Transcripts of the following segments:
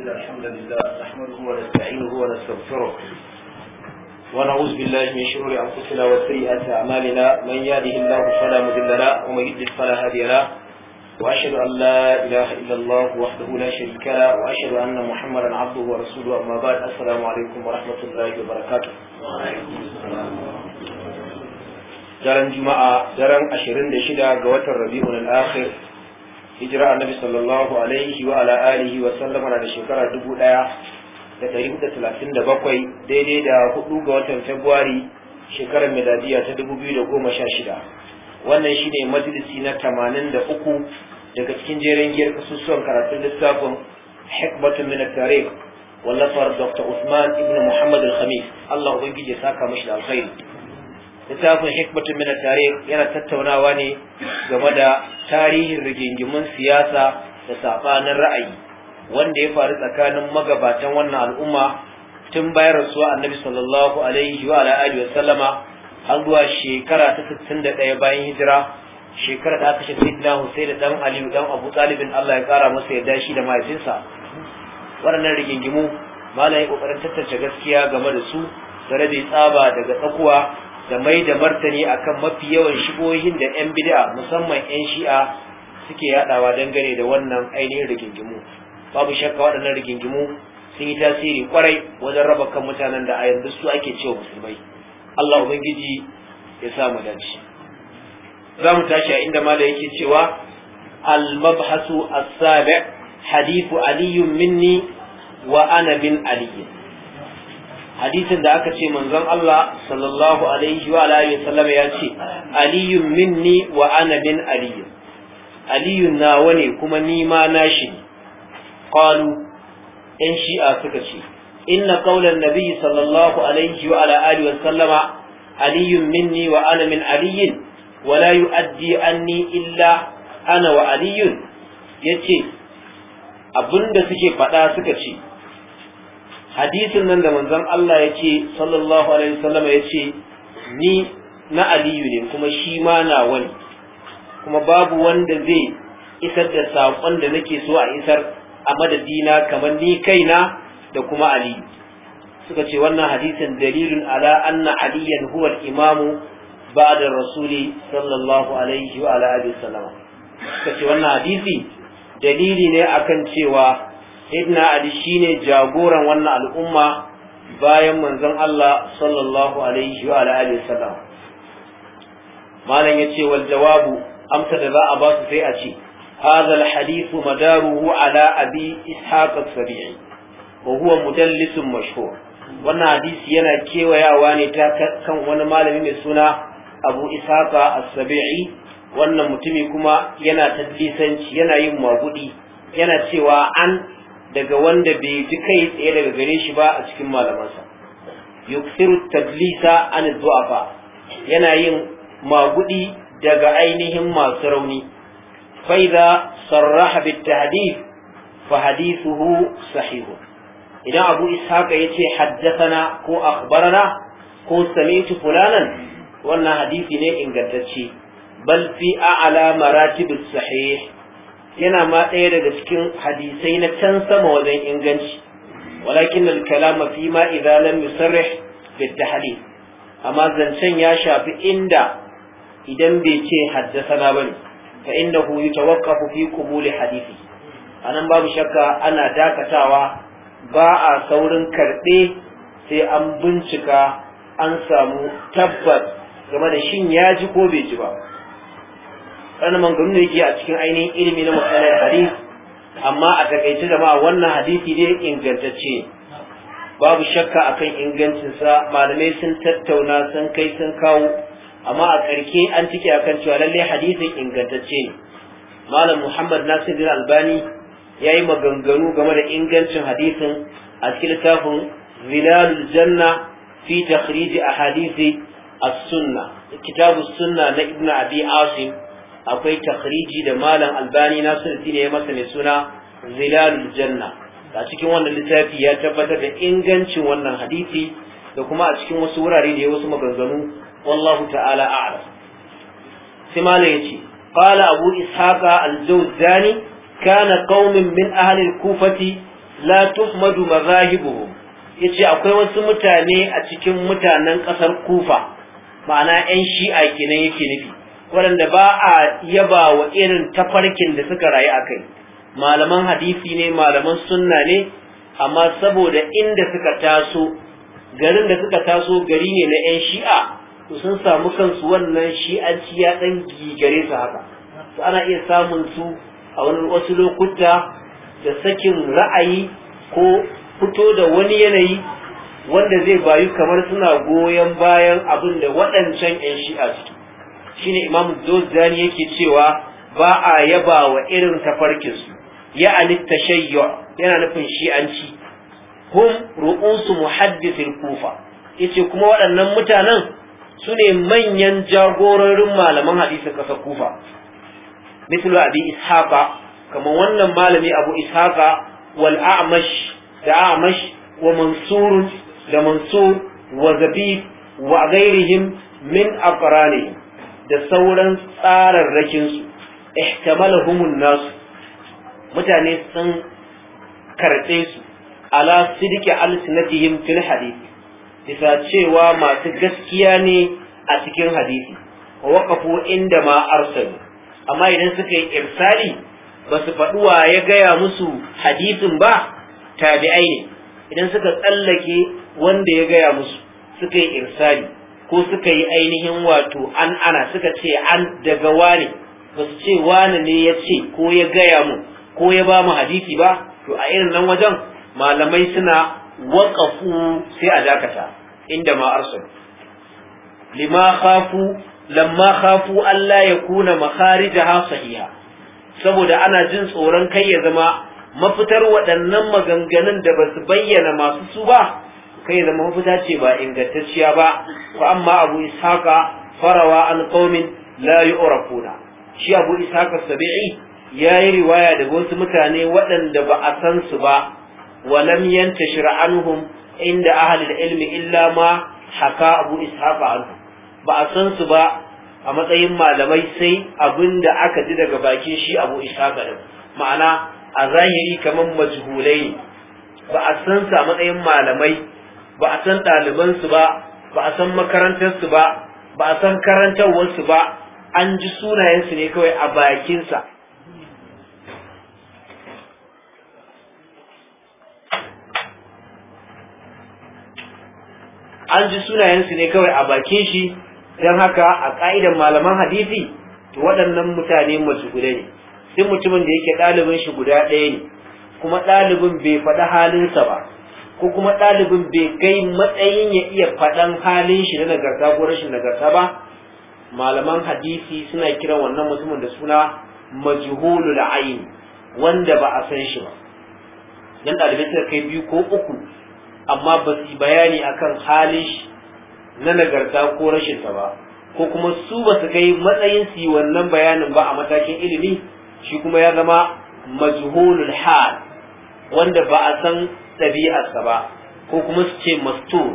إن الحمد لله نحمده ونستعينه ونستغفره ونعوذ بالله من شرور أنفسنا وسيئات أعمالنا من يهده الله فلا مضل له ومن يضلل فلا هادي له وأشهد أن لا إله إلا الله وحده لا شريك له وأشهد أن محمدا عبده ورسوله أما بعد السلام عليكم ورحمة الله وبركاته daren juma'a daren 26 ga watan rabi'ul akhir hijira annabi sallallahu alaihi wa ala alihi wa sallama na da shekara dubu ɗaya da ɗari hudu talatin da bakwai daidai da hudu ga watan februari shekarar miladiya ta dubu biyu da goma sha shida wannan shine majalisi na tamanin da uku daga cikin jerin giyar kasusuwan karatun littafin hikmatun min tarikh wallafar dr usman ibn muhammad al-khamis allah ubangiji ya saka mashi da alkhairi littafin hikmatin mina tare yana tattaunawa ne game da tarihin rigingimun siyasa da sabanin ra'ayi wanda ya faru tsakanin magabatan wannan al'umma tun bayan rasuwa annabi sallallahu alaihi wa ala alihi wa sallama har zuwa shekara ta 61 bayan hijira shekara ta kashe shafi na da dan Aliyu dan Abu Talibin Allah ya kara masa yarda shi da mahaifinsa waɗannan rigingimu malai kokarin tattace gaskiya game da su da rabe tsaba daga tsakuwa da mai da martani akan mafi yawan shigohin da 'yan bid'a musamman 'yan shi'a suke yaɗawa dangane da wannan ainihin rigingimu babu shakka waɗannan rigingimu sun yi tasiri kwarai wajen raba kan mutanen da a yanzu su ake cewa musulmai Allah ubangiji ya sa mu dace za mu tashi a inda mala yake cewa al-mabhasu as-sabi' hadithu aliyyun minni wa ana bin aliyyin hadisin da aka ce manzon Allah sallallahu alaihi wa alihi wasallam ya ce aliyu minni wa ana min aliyu aliyu nawa ne kuma ni ma nashi ne qalu yan shi'a suka ce inna qawlan nabi sallallahu alaihi wa ala alihi wasallama aliyu minni wa ana min aliyin wa la yu'addi anni illa ana wa aliyun yace abinda suke faɗa suka ce hadisin nan da manzon Allah yake sallallahu alaihi wasallam yace ni na aliyu ne kuma shi ma na wani kuma babu wanda zai isar da saƙon da nake so a isar a madadina kamar ni kaina da kuma aliyu suka ce wannan hadisin dalilin ala anna aliyan huwa al-imamu ba'da rasuli sallallahu alaihi wa alihi wasallam suka ce wannan hadisi dalili ne akan cewa sayyidina ali shine jagoran wannan al'umma bayan manzon Allah sallallahu alaihi wa alihi wasallam malam yace wal jawabu amsa da za a ba su sai a ce hadha al hadithu madaruhu ala abi ishaq as-sabi'i wa huwa mashhur wannan hadisi yana kewayawa ne ta kan wani malami mai suna abu ishaqa as-sabi'i wannan mutumi kuma yana tadlisanci yana yin magudi yana cewa an daga wanda bai ji kai tsaye daga gare shi ba a cikin malamansa yuksiru tadlisa an du'afa yana yin magudi daga ainihin masu rauni faida sarraha bit tahdith fa hadithuhu sahih idan abu ishaqa yace haddathana ko akhbarana ko sami'tu fulanan wannan hadisi ne ingantacce bal fi a'la maratibis sahih yana ma ɗaya daga cikin hadisai na can sama wajen inganci walakin al-kalama fi ma idza lam yusarrih amma zancen ya shafi inda idan bai ce haddasana bane fa hu yutawaqqafu fi qubuli hadisi anan babu shakka ana dakatawa ba a saurin karɓe sai an bincika an samu tabbat game da shin ya ji ko bai ji ba wani mangaru da yake a cikin ainihin ilimi na matsalar hadis amma a takaice jama'a wannan hadisi dai ingantacce babu shakka akan ingancinsa malamai sun tattauna sun kai sun kawo amma a ƙarke an tike akan cewa lallai hadisin ingantacce ne malam muhammad nasir bin albani ya yi maganganu game da ingancin hadisin a cikin littafin zilalul janna fi takhrij ahadisi as-sunna kitabu sunna na ibnu abi asim akwai takhriji da malam albani din ya masa mai suna zilalul janna a cikin wannan littafi ya tabbatar da ingancin wannan hadisi da kuma a cikin wasu wurare da ya wasu maganganu wallahu ta'ala a'lam sai malam yace qala abu ishaqa al-jawzani kana qaumin min ahli al-kufati la tuhmadu mazahibuhum yace akwai wasu mutane a cikin mutanen kasar kufa ma'ana 'yan shi'a kenan yake nufi waɗanda ba a yaba wa irin tafarkin da suka rayu a kai malaman hadisi ne malaman sunna ne amma saboda inda suka taso garin da suka taso gari ne na 'yan shi'a to sun samu kansu wannan shi'anci ya ɗan gigare su haka su ana iya samun su a wani wasu lokuta da sakin ra'ayi ko fito da wani yanayi wanda zai bayu kamar suna goyon bayan abin da waɗancan 'yan shi'a suke shine imam dozani yake cewa ba a yaba wa irin tafarkin su ya anitta shayyu yana nufin shi'anci hum ru'usu muhaddithil kufa yace kuma waɗannan mutanen su ne manyan jagororin malaman hadisin ƙasar kufa mislu abi ishaqa kamar wannan malami abu ishaqa wal a'mash da a'mash wa mansur da mansur wa zabib wa ghairihim min aqranihim da sauran tsararrakinsu humun nasu mutane sun karɓe su ala sidiki alsinatihim fil hadisi bisa cewa masu gaskiya ne a cikin hadisi wa waqafu inda ma arsalu amma idan suka yi irsali ba su faɗi wa ya gaya musu hadisin ba tabi'ai ne idan suka tsallake wanda ya gaya musu suka yi irsali ko suka yi ainihin wato an ana suka ce an daga wane ba su ce wane ne ya ce ko ya gaya mu ko ya ba mu hadisi ba to a irin nan wajen malamai suna waƙafu sai a dakata inda ma arsul lima khafu lamma khafu Allah ya kuna makharijaha sahiha saboda ana jin tsoron kai ya zama mafitar waɗannan maganganun da ba su bayyana masu su ba kai zama ta ce ba ingantacciya ba ko amma abu ishaqa farawa an qaumin la yu'rafuna shi abu ishaqa sabi'i yi riwaya daga wasu mutane waɗanda ba a san su ba wa lam yantashir anhum inda ahli ilmi illa ma haka abu ishaqa anhu ba a san su ba a matsayin malamai sai abin aka ji daga bakin shi abu ishaqa din ma'ana a zahiri kamar majhulai ba a san su a matsayin malamai ba a san ɗalibansu ba ba a san makarantarsu ba ba a san karantarwarsu ba an ji sunayensu ne kawai a bakinsa an ji sunayensu ne kawai a bakin shi don haka a ƙa'idar malaman hadisi to waɗannan mutane masu guda ne sai mutumin da yake ɗalibin shi guda ɗaya ne kuma ɗalibin bai faɗi halinsa ba ko kuma ɗalibin bai kai matsayin ya iya faɗan halin shi na nagarta ko rashin nagarta ba malaman hadisi suna kiran wannan mutumin da suna majhulul ayn wanda ba a san shi ba dan ɗalibai suka kai biyu ko uku amma ba su bayani akan halin shi na nagarta ko rashin ta ba ko kuma su ba su kai matsayin su yi wannan bayanin ba a matakin ilimi shi kuma ya zama majhulul hal wanda ba a san ɗabi'arsa ba ko kuma su ce mastur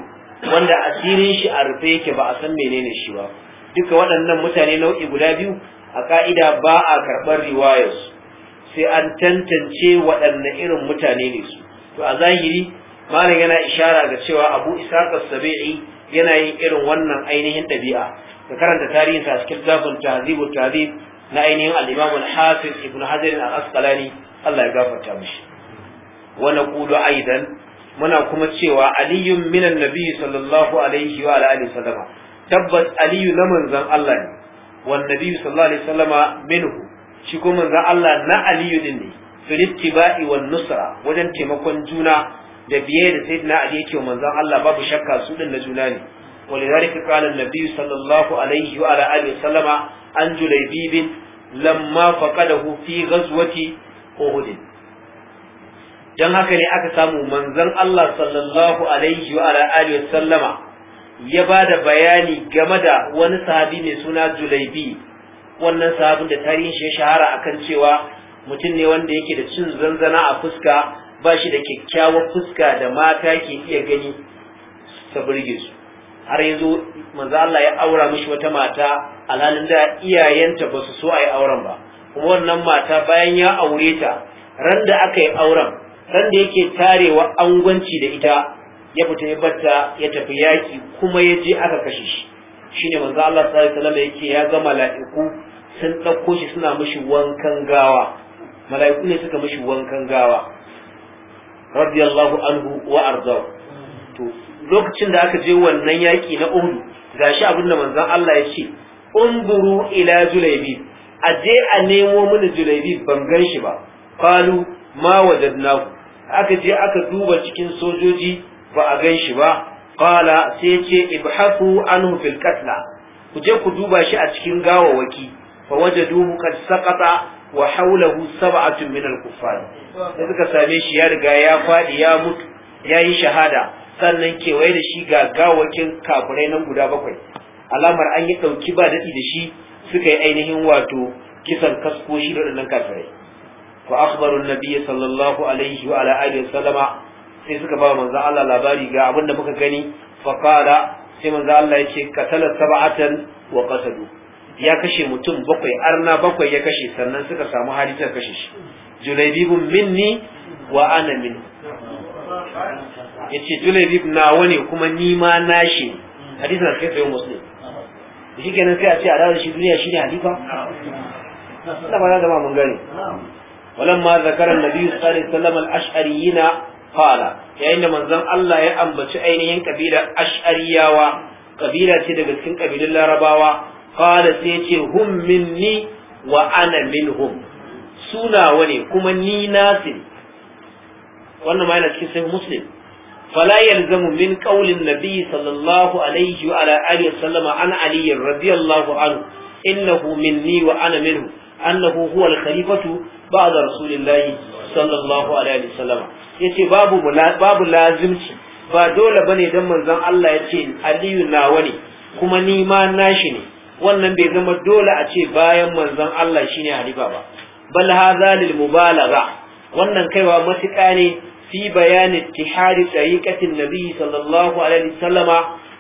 wanda asirin shi a rufe yake ba a san menene shi ba duka waɗannan mutane nau'i guda biyu a ka'ida ba a karɓar riwayarsu sai an tantance waɗanne irin mutane ne su to a zahiri malam yana ishara ga cewa abu isaka sabi'i yana yin irin wannan ainihin ɗabi'a ka karanta tarihin a cikin zafin tazibu tazib na ainihin al al-hafiz ibn hajar al-asqalani Allah ya gafarta mishi wa naqulu aidan muna kuma cewa aliyun minan nabi sallallahu alaihi wa alihi sallama tabbas aliyu na Manzan Allah ne wan nabi sallallahu alaihi sallama minhu shi kuma manzon Allah na aliyu din ne fil ba'i wan nusra wajen taimakon juna da biye da na ali yake Manzan Allah babu shakka su din na juna ne ولذلك قال النبي صلى الله عليه وعلى آله وسلم عن جليبيب لما فقده في غزوة أهد don haka ne aka samu manzon Allah sallallahu alaihi wa alihi sallama ya ba da bayani game da wani sahabi mai suna Julaibi wannan sahabin da tarihin shi ya shahara akan cewa mutum ne wanda yake da cin zanzana a fuska ba shi da kyakkyawar fuska da mata ke iya gani ta burge su har yanzu manzo Allah ya aura mishi wata mata alhalin da iyayenta ba su so a auren ba kuma wannan mata bayan ya aure ta ran da aka yi auren san da yake tarewa angwanci da ita ya fita ya batta ya tafi yaki kuma ya je aka kashe shi shine manzo Allah sallallahu alaihi wasallam yake ya ga mala'iku sun dauko shi suna mishi wankan gawa mala'iku ne suka mishi wankan gawa radiyallahu anhu wa arzahu to lokacin da aka je wannan yaki na Uhud gashi abin da manzo Allah ya ce unzuru ila Julaybi a je a nemo mini Julaybi ban gan shi ba qalu ma wajadnahu aka je aka duba cikin sojoji ba a gan shi ba qala sai ya ce ibhafu anhu fil qatla ku je ku duba shi a cikin gawawaki fa wajaduhu qad saqata wa hawlahu sab'atun min al kuffar sai suka same shi ya riga ya fadi ya mutu ya yi shahada sannan kewaye da shi ga gawakin kafirai nan guda bakwai alamar an yi ɗauki ba daɗi da shi suka yi ainihin wato kisan kasko shi da waɗannan kafirai fa akhbaru an-nabiy sallallahu alaihi wa ala alihi wasallama sai suka ba manzo Allah labari ga abin da muka gani fa qala sai manzo Allah ya ce qatala sab'atan wa qatadu ya kashe mutum bakwai arna bakwai ya kashe sannan suka samu hali ta kashe shi julaybibun minni wa ana min yace julaybib na wani kuma ni ma nashi hadisin sai sai muslim shi kenan sai a ce a dawo shi duniya shine halifa ina ba da ma mun gani ولما ذكر النبي صلى الله عليه وسلم الاشعريين قال يعني من ذن الله يا ام اينهن قبيله اشعرياوه قبيله تي daga cikin قبيله larabawa قال سيتي هم مني وانا منهم سونا وني كما ني ناسين wannan ma yana cikin fala yalzamu min qawlin nabiy sallallahu alayhi wa alihi sallama an radiyallahu anhu innahu minni wa ana minhu annahu huwa khalifatu ba da rasulullahi sallallahu alaihi wasallam yace babu babu lazimci ba dole bane dan manzon Allah yace aliyu nawa ne kuma ni ma nashi ne wannan bai zama dole a ce bayan manzon Allah shine halifa ba bal hadha lil mubalagha wannan kaiwa matuƙa ne fi bayani tihari tariqatin nabi sallallahu alaihi wasallama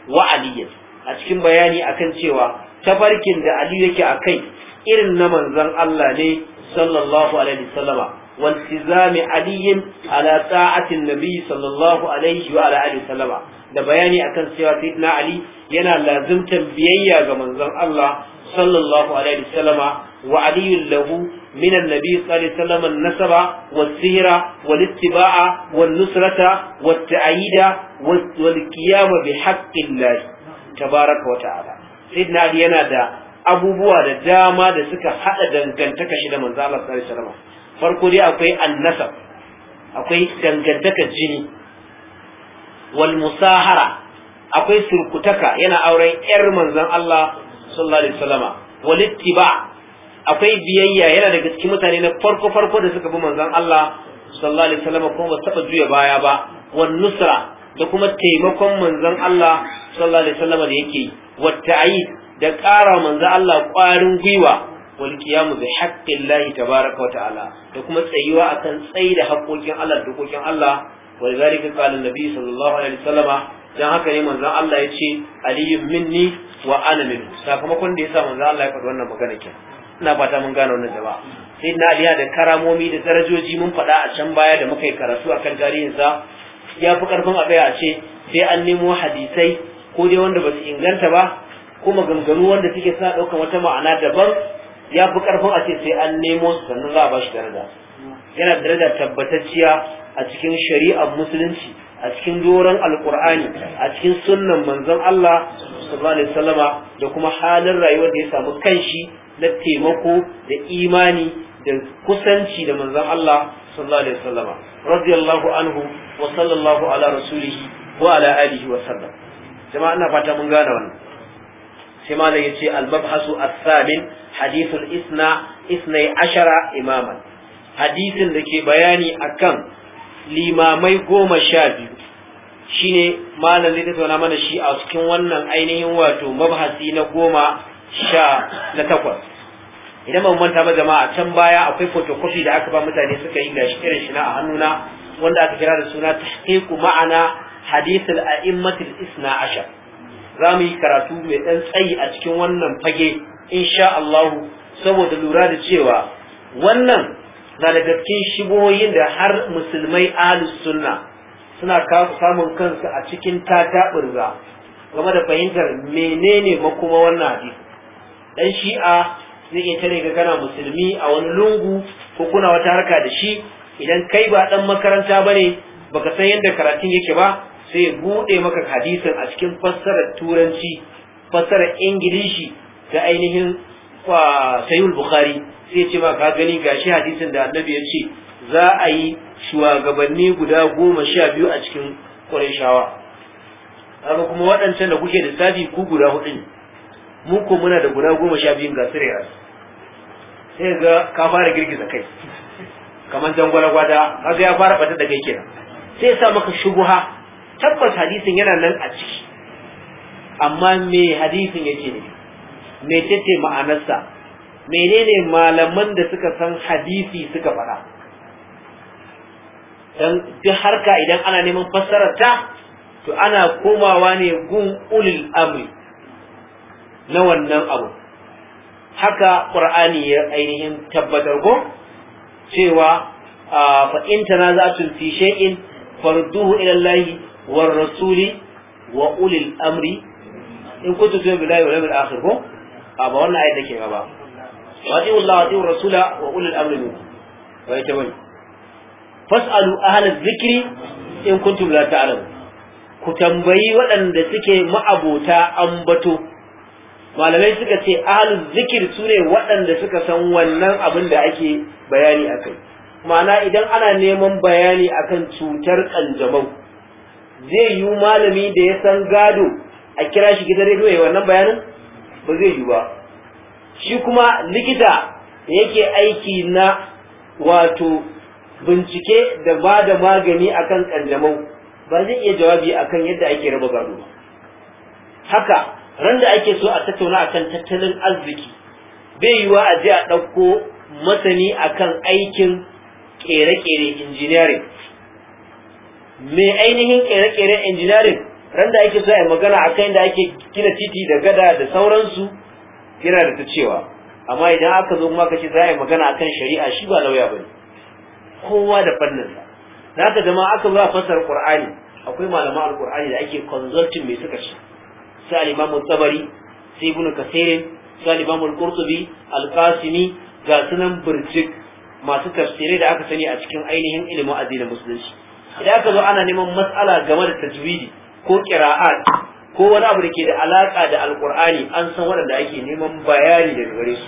wa aliyin a cikin bayani akan cewa tabarkin da Ali yake akai irin na manzon Allah ne صلى الله عليه وسلم والتزام علي على ساعة النبي صلى الله عليه وعلى da bayani akan cewa sayyidina Ali yana lazimtan biyayya ga manzon Allah sallallahu alaihi wasallam wa aliyyu labu min annabi sallallahu alaihi wasallam wa wasira wa wannusrata watta'ida walqiyama bihaqqillah tabaraka wa ta'ala sayyidina Ali yana da abubuwa da dama da suka haɗa dangantaka shi da manzo Allah sallallahu alaihi wasallam farko dai akwai annasab akwai dangantaka jini wal musahara akwai surkutaka yana auren yar manzon Allah sallallahu alaihi wasallam wal ittiba akwai biyayya yana daga cikin mutane na farko farko da suka bi manzon Allah sallallahu alaihi wasallam kuma ba taba juya baya ba wan nusra da kuma taimakon manzon Allah sallallahu alaihi wasallam da yake wa ta'id da ƙara manzo Allah ƙwarin gwiwa wal qiyamu bi haqqillahi tabaaraka wa ta'ala da kuma tsayuwa akan tsayi da haƙoƙin Allah da dokokin Allah wa zalika qala nabi sallallahu alaihi wasallama dan haka ne manzo Allah ya ce aliyu minni wa ana minhu sakamakon da yasa manzo Allah ya faɗi wannan magana kenan ina fata mun gane wannan jama'a sai na aliya da karamomi da darajoji mun faɗa a can baya da muka yi karatu akan sa ya fi karfin a a ce sai an nemo hadisai ko dai wanda ba su inganta ba Kuma maganganu wanda suke suna ɗaukar wata ma'ana daban ya fi ƙarfin a ce sai an nemo su sannan za a ba shi daraja yana daraja tabbatacciya a cikin shari'ar musulunci a cikin doron alƙur'ani a cikin sunnan manzon Allah sallallahu alaihi wasallama da kuma halin rayuwar da ya samu kanshi na taimako da imani da kusanci da manzon Allah sallallahu alaihi wasallama radiyallahu anhu wa sallallahu ala rasulihi wa ala alihi wa sallam jama'a ina fata mun gane wannan sai malam yace al-mabhasu as-samin hadithul isna isnai ashara imaman hadisin da ke bayani kan limamai goma sha biyu shine malam zai tattauna mana shi a cikin wannan ainihin wato mabhasi na goma sha na takwas idan ban manta ba jama'a can baya akwai photocopy da aka ba mutane suka yi gashi irin shi na a hannuna wanda aka kira da suna tahqiqu ma'ana hadithul a'immatul isna ashar za mu yi karatu mai ɗan tsayi a cikin wannan fage insha Allahu saboda lura da cewa wannan na daga cikin shigoyin da har musulmai ahlus sunna suna samun kansu a cikin tataɓurza game da fahimtar menene kuma wannan hadisi dan shi'a zai iya tare ga kana musulmi a wani lungu ko kuna wata harka da shi idan kai ba dan makaranta bane baka san yadda karatun yake ba sai buɗe maka hadisin a cikin fassarar turanci fassarar ingilishi ta ainihin sayul bukhari sai ce ma ka gani gashi hadisin da annabi ya ce za a yi shugabanni guda goma sha biyu a cikin ƙurashawa haka kuma waɗancan da kuke da lissafi ku guda hudu ne ko muna da guda goma sha biyun ga sai ga ka fara girgiza kai kamar dangwala gwada ya fara fata da kai kenan sai ya sa maka shubuha tabbas hadisin yana nan a ciki amma me hadisin yake ne me ce ma'anarsa menene malaman da suka san hadisi suka faɗa dan duk harka idan ana neman fassarar ta to ana komawa ne gun ulil amri na wannan abu haka ƙur'ani ya ainihin tabbatar ko cewa ah, fa in tanaza'tum fi shay'in farduhu ila Allah war rasuli wa ulil amri in kuntum tu'minu billahi wal yawmil akhir ko a ba wannan ayat take gaba wa ati'u Allah wa rasula wa ulil amri minkum wa in ku tambayi waɗanda suke ma'abota ambato malamai suka ce ahalin zikir su ne waɗanda suka san wannan abin da ake bayani a kai ma'ana idan ana neman bayani akan cutar ƙanjamau zai yi malami da ya san gado a kira shi gidan rediyo ya wannan bayanin ba zai yi ba shi kuma likita yake aiki na wato bincike da ba da magani akan kanjamau ba zai iya jawabi akan yadda ake raba gado haka ran da ake so a tattauna akan tattalin arziki bai yiwa a je a ɗauko masani akan aikin kere-kere engineering mai ainihin kere kere engineering ran da ake zai magana a kan da ake gina titi da gada da sauransu yana da ta cewa amma idan aka zo maka ce za a yi magana akan shari'a shi ba lauya ba ne kowa da fannin sa na ka zama aka zuwa fasar qur'ani akwai malaman alqur'ani da ake consulting mai suka ci sai al-imamu tabari sai ibnu kasir sai al-imamu qasimi ga sunan burjik masu tafsirai da aka sani a cikin ainihin ilimin addinin musulunci idan aka zo ana neman matsala game da tajwidi ko qira'at ko wani abu da ke da alaka da alqur'ani an san wanda ake neman bayani daga gare su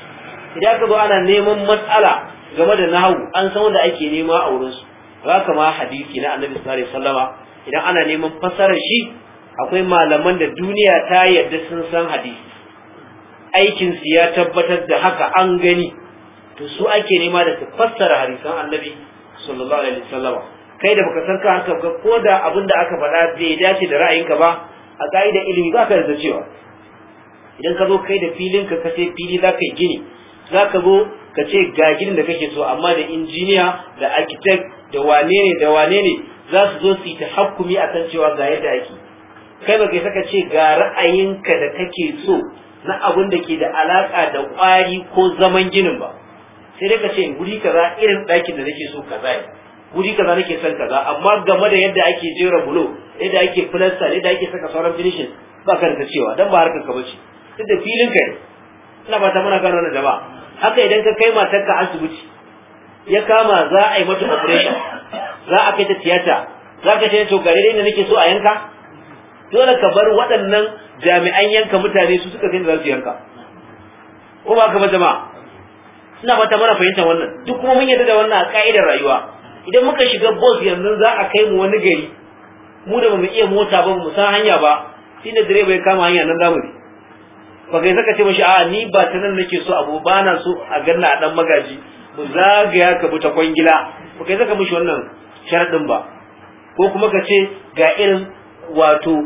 idan aka zo ana neman matsala game da nahwu an san wanda ake nema a wurin su haka ma hadisi na annabi sallallahu alaihi wasallama idan ana neman fasarar shi akwai malaman da duniya ta yarda sun san hadisi aikin su ya tabbatar da haka an gani to su ake nema da su fassara hadisan annabi sallallahu alaihi wasallama kai da baka san kanka ba ko da abin da aka faɗa bai dace da ra'ayinka ba a ka'idar ilimi za ka yarda cewa idan ka zo kai da filin ka kace fili za ka yi gini za ka zo ka ce ga ginin da kake so amma da injiniya da architect da wane ne da wane ne za su zo su yi tahakkumi kan cewa ga yadda ake kai baka saka ce ga ra'ayinka da kake so na abin da ke da alaka da kwari ko zaman ginin ba sai dai ka ce guri kaza irin ɗakin da nake so kaza ne wuri kaza nake son kaza amma game da yadda ake jera bulo yadda ake filasta yadda ake saka sauran finishing ba ka da cewa dan ba harkar ka bace duk da filin ka ne ina fata muna gano na jama'a haka idan ka kai ka asibiti ya kama za a yi mata operation za a kai ta tiyata za ka ce to gare ne nake so a yanka dole ka bar waɗannan jami'an yanka mutane su suka kai da za su yanka ko ba ka ba jama'a ina fata muna fahimtar wannan duk kuma mun yarda da wannan a ka'idar rayuwa idan muka shiga bus yanzu za a kai mu wani gari mu da mu iya mota ba mu san hanya ba shi ne direba ya kama hanya nan zamu bi ba kai saka ce mashi a ni ba ta nan nake so abu ba na so a ganna a dan magaji mu zagaya ka bi ta kwangila ba kai saka mishi wannan sharadin ba ko kuma ka ce ga irin wato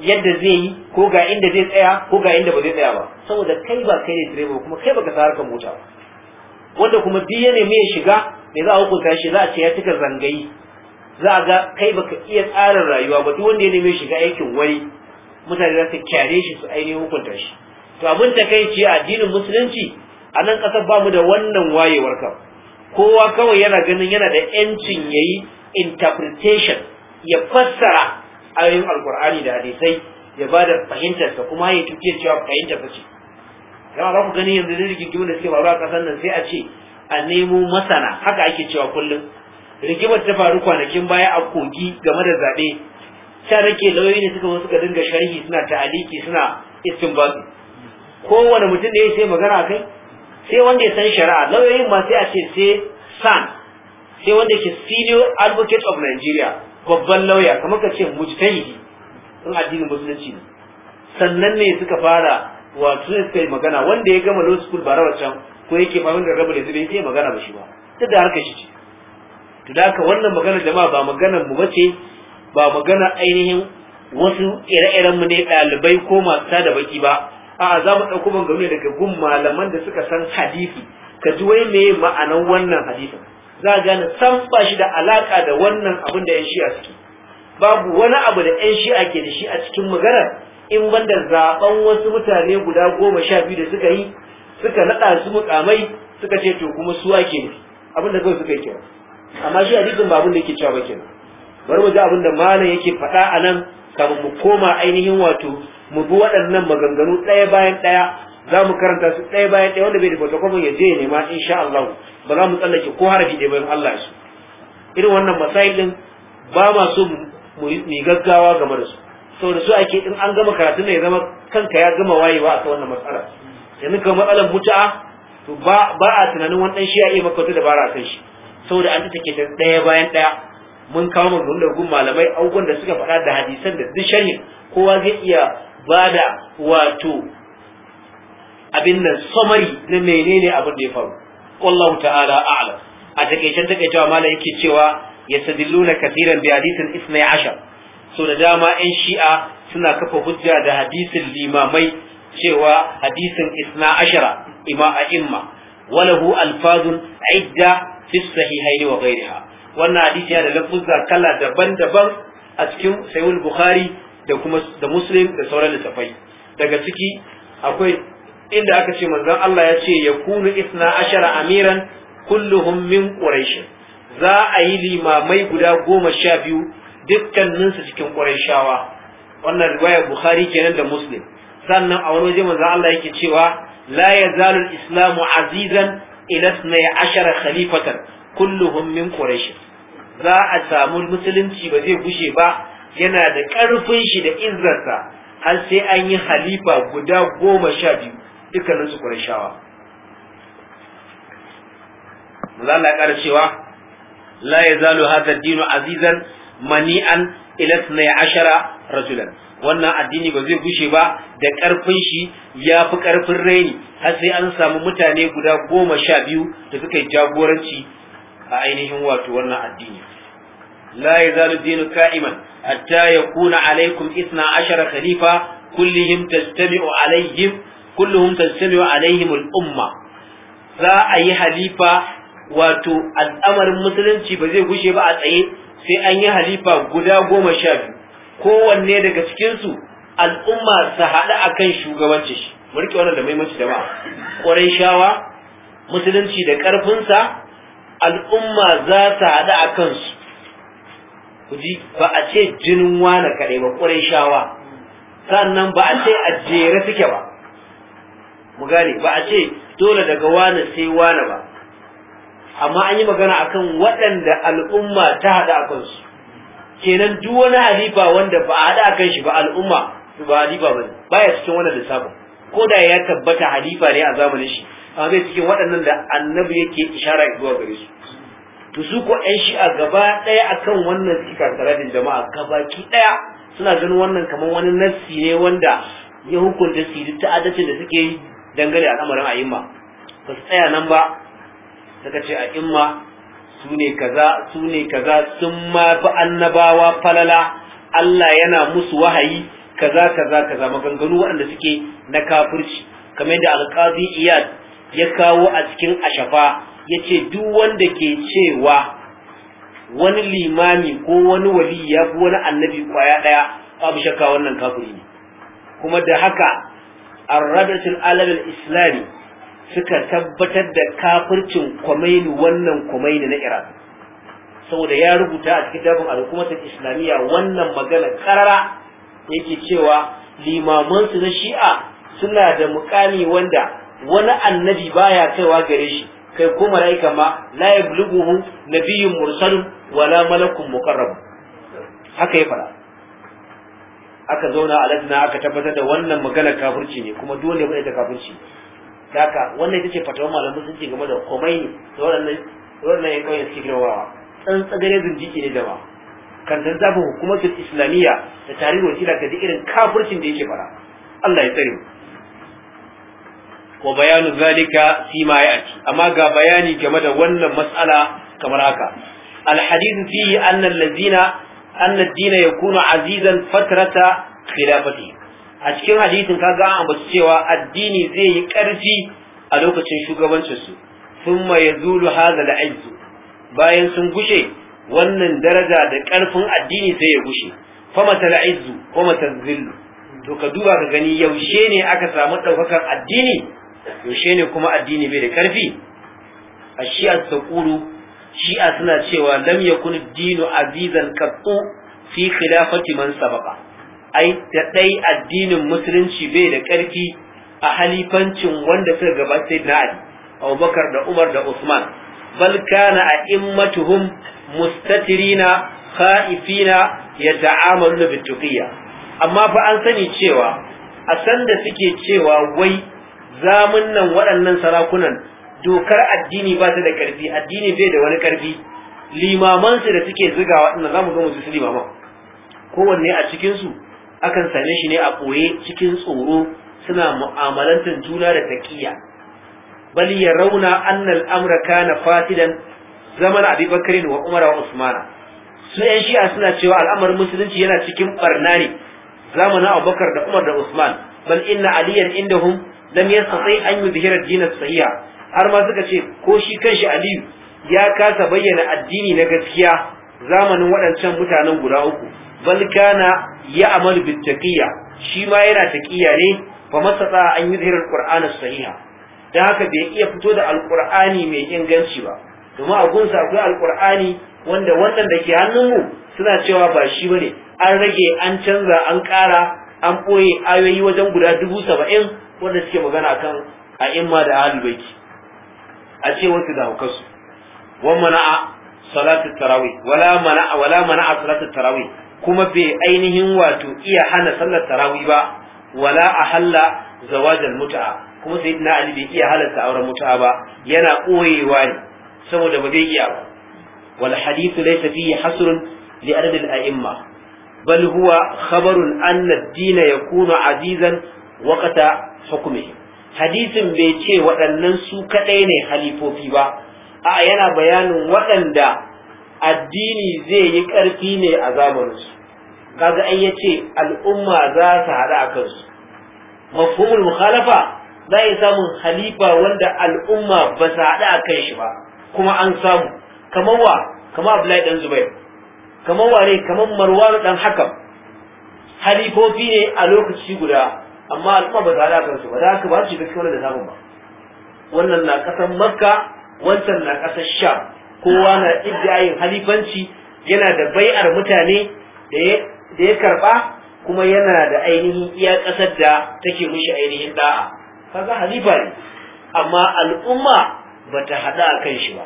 yadda zai yi ko ga inda zai tsaya ko ga inda ba zai tsaya ba saboda kai ba kai ne direba kuma kai baka sa harkar mota ba wanda kuma duk ya nemi ya shiga me za a hukunta shi za a ce ya cika zangayi za a ga kai baka iya tsarin rayuwa ba duk wanda ya neme shiga aikin wani mutane za su kyare shi su ainihin hukunta shi to abin ta kai ce addinin musulunci a nan ƙasar ba mu da wannan wayewar kan kowa kawai yana ganin yana da yancin ya yi interpretation ya fassara ayoyin alkur'ani da hadisai ya ba da fahimtarsa kuma ya tuke cewa fahimtar ce. Yawa za ku gani yanzu da rigingimu da suke faruwa a ƙasar nan sai a ce a nemo masana haka ake cewa kullum rigimar ta faru kwanakin baya a kogi game da zaɓe ta rake lauyoyi ne suka suka dinga sharhi suna ta'aliki suna istinbati kowane mutum da ya sai magana kai sai wanda ya san shari'a lauyoyin ma sai a ce sai san sai wanda ke senior advocate of Nigeria babban lauya kamar ka ce mujtahidi in addinin musulunci ne sannan ne suka fara wato suka magana wanda ya gama law school bara can. ko yake ba da rabu yanzu bai iya magana ba shi ba duk da harkar shi ce to da haka wannan magana jama'a ba magana mu bace ba magana ainihin wasu ire-iren mu ne ɗalibai ko masu tada baki ba a'a za mu ɗauko gami daga gun malaman da suka san hadisi ka ji wai me ma'anan wannan hadisin za a gane san ba shi da alaka da wannan abin da yan shi'a suke babu wani abu da yan shi'a ke da shi a cikin magana in banda zaben wasu mutane guda goma sha biyu da suka yi suka naɗa su mukamai suka ce to kuma su ake ne abin da kawai suka yi amma shi hadisin ba abin da yake cewa ba kenan bari mu ji abin da malam yake faɗa a nan kafin mu koma ainihin wato mu bi waɗannan maganganu ɗaya bayan ɗaya za mu karanta su ɗaya bayan ɗaya wanda bai da photocopy ya je ya nema insha Allah ba za mu tsallake ko harafi ɗaya bayan Allah su irin wannan masail din ba ma so mu yi gaggawa game da su saboda su ake in an gama karatun ne ya zama kanka ya gama wayewa a wannan matsalar. yanzu kamar matsalar mutu'a to ba a tunanin wani dan shi'a iya maka da bara kan shi saboda an take ta daya bayan daya mun kawo mun da gun malamai abubuwan da suka faɗa da hadisan da duk sharhi kowa zai iya ba da wato abin nan samari na menene abin da ya faru wallahu ta'ala a'lam a takeicen takeitawa malam yake cewa yastadilluna kathiran bi hadithin ashar so da dama yan shi'a suna kafa hujja da hadisin limamai cewa hadisin isna ashara ima a imma walahu alfazun idda fi sahihain wa ha, wannan hadisi yana da lafuzza kala daban-daban a cikin sahih bukhari da kuma da muslim da sauran littafai daga ciki akwai inda aka ce manzon Allah ya ce yakunu isna ashara amiran kulluhum min quraish za a yi limamai guda goma sha biyu dukkaninsu cikin quraishawa wannan riwayar bukhari kenan da muslim sannan a wani waje manzo Allah yake cewa la yazalu islamu azizan ila 12 khalifatan kulluhum min quraish za a samu musulunci ba zai gushe ba yana da karfin shi da izzarsa har sai an yi halifa guda goma sha biyu dukkanin su qurayshawa Allah ya ƙara cewa la yazalu hadha ad-din azizan mani'an ila 12 rajulan wannan addini ba zai gushe ba da ƙarfin shi ya fi ƙarfin raini har sai an samu mutane guda goma sha biyu da suka yi jagoranci a ainihin wato wannan addini la yazalu dinu ka'iman hatta yakuna alaikum isna ashara khalifa kullihim tastami'u alaihim kulluhum tastami'u alaihim al za a yi halifa wato al'amarin musulunci ba zai gushe ba a tsaye sai an yi halifa guda goma sha biyu kowanne daga cikinsu al'umma su haɗu a kan shugabancin shi murki wannan da da ba ƙwarai shawa musulunci da ƙarfinsa al'umma za su haɗu a kansu ku ji ba a ce jinin wane kaɗai ba ƙwarai shawa sannan ba a ce a jere suke ba mu gane ba a ce dole daga wane sai wane ba amma an yi magana akan waɗanda al'umma ta haɗu a kansu kenan duk wani halifa wanda ba a haɗa kan shi ba al'umma ba halifa ba baya cikin wannan lissafin ko da ya tabbata halifa ne a zamanin shi amma bai cikin waɗannan da annabi yake ishara zuwa gare su to su ko ƴan shi'a gaba ɗaya akan wannan sika karadin jama'a gabaki ɗaya suna ganin wannan kamar wani nassi ne wanda ya hukunta su yi ta'addacin da suke yi dangane al'amarin a'imma ba su tsaya nan ba suka ce a'imma su kaza su kaza sun ma fi annabawa falala Allah yana musu wahayi kaza kaza kaza maganganu waɗanda suke na kafirci kamar da alƙazi iyad ya kawo a cikin ashafa ya ce duk wanda ke cewa wani limami ko wani wali ya fi wani annabi kwaya ɗaya babu shakka wannan kafiri ne kuma da haka arradatul alamil islami suka tabbatar da kafircin Khomeini wannan Khomeini na Iran saboda ya rubuta a cikin dafin al'ummatar islamiyya wannan magana karara yake cewa limamansu na shi'a suna da mukami wanda wani annabi baya kaiwa gare shi kai ko mala'ika ma la yablughuhu nabiyyun mursalun wala malakun muqarrab haka ya fara aka zauna a ladina aka tabbatar da wannan magana kafirci ne kuma dole ne ta kafirci Daka wannan ita ce fatawar malamin sun ce game da komai da waɗannan ya kawai suke girmawa tsagare zindiki ne jama kan dan hukumar hukumatul islamiyya da tarihi wasila ka ji irin kafircin da yake fara Allah ya tsare mu wa bayanu zalika fi ma ya'ti amma ga bayani game da wannan mas'ala kamar haka al hadithu fihi anna allazina anna ad-din yakunu azizan fatrata khilafati a cikin hadisin kaga an mace cewa addini zai yi ƙarfi a lokacin shugabancin su thumma zulu haza da izz bayan sun gushe wannan daraja da ƙarfin addini sai ya gushe fama ta la'izu, wa ta zillu. to ka duba ka gani yaushe ne aka samu ɗaukakar addini yaushe ne kuma addini bai da ƙarfi a shi'a ƙuru, shi'a suna cewa lam kuni dinu azizan qattu fi khilafati man sabaqa ai da ɗai addinin musulunci bai da ƙarfi a halifancin wanda suka gabata sai na Ali Abubakar da Umar da Usman bal kana immatuhum mustatirina khaifina da bituqiyya amma fa an sani cewa a sanda suke cewa wai zamun nan waɗannan sarakunan dokar addini ba ta da ƙarfi addini bai da wani ƙarfi limamansu da suke zigawa ina za mu ga musu limaman kowanne a cikinsu akan same shi ne a ɓoye cikin tsoro suna mu'amalantar juna da taƙiyya bal ya rauna annal amra kana fasidan zaman abi bakarin wa umara wa usmana su yan shi'a suna cewa al'amarin musulunci yana cikin barna ne zamanin abubakar da umar da usman bal inna aliyan indahum lam yastati an yudhira ad-din sahiha har ma suka ce ko shi kanshi aliyu ya kasa bayyana addini na gaskiya zamanin waɗancan mutanen guda uku bal kana ya amalu shi ma yana taqiyya ne fa masata an yuzhira alqur'ana sahiha dan haka bai iya fito da alqur'ani mai inganci ba domin a gunsa akwai alqur'ani wanda wannan da ke hannunmu suna cewa ba shi bane an rage an canza an ƙara an ɓoye ayoyi wajen guda dubu saba'in wanda suke magana akan imma da ahlul a ce wasu da hukasu wa mana'a salatu tarawih wala mana'a wala mana'a salatu tarawih kuma bai ainihin wato iya hana sallar tarawi ba wala ahalla zawajal mutu'a. kuma na ali bai iya halarta auren mutu'a ba yana koyewa ne saboda ba zai iya ba wal hadithu laysa fihi hasrun li adad al a'imma bal huwa khabarun anna ad-din yakunu azizan waqta hukmihi hadisin bai ce waɗannan su kaɗai ne halifofi ba a yana bayanin waɗanda addini zai yi ƙarfi ne a zamaninsu kaga ai yace al'umma za su hada a kansu mafhumul mukhalafa za a samun halifa wanda al'umma ba su hada a kan shi ba kuma an samu kamar wa kamar Abdullahi dan Zubair kamar ware kamar Marwan dan Hakam halifofi ne a lokaci guda amma al'umma ba su haɗu a kansu ba da haka ba su shiga cikin da zamu ba wannan na kasan Makka wancan na kasan Sham kowa na iddiyayin halifanci yana da bai'ar mutane da da ya karba kuma yana da ainihin iya ƙasar da take mushi ainihin da'a kaga halifa ne amma al'umma bata haɗa a kan shi ba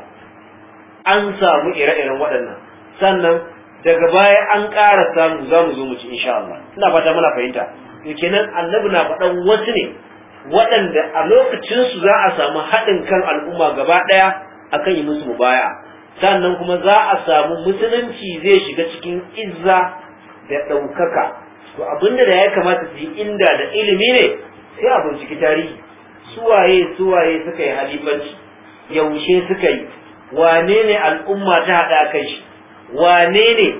an samu ire-iren waɗannan sannan daga baya an ƙara samu za mu zo mu ci insha Allah ina fata muna fahimta to kenan annabi na faɗan wasu ne waɗanda a lokacinsu za a samu haɗin kan al'umma gaba ɗaya akan yi musu mubaya sannan kuma za a samu musulunci zai shiga cikin izza da ɗaukaka to abinda da ya kamata su yi inda da ilimi ne sai a binciki tarihi suwaye suwaye suka yi halifanci yaushe suka yi wane ne al'umma ta haɗa kai shi wane ne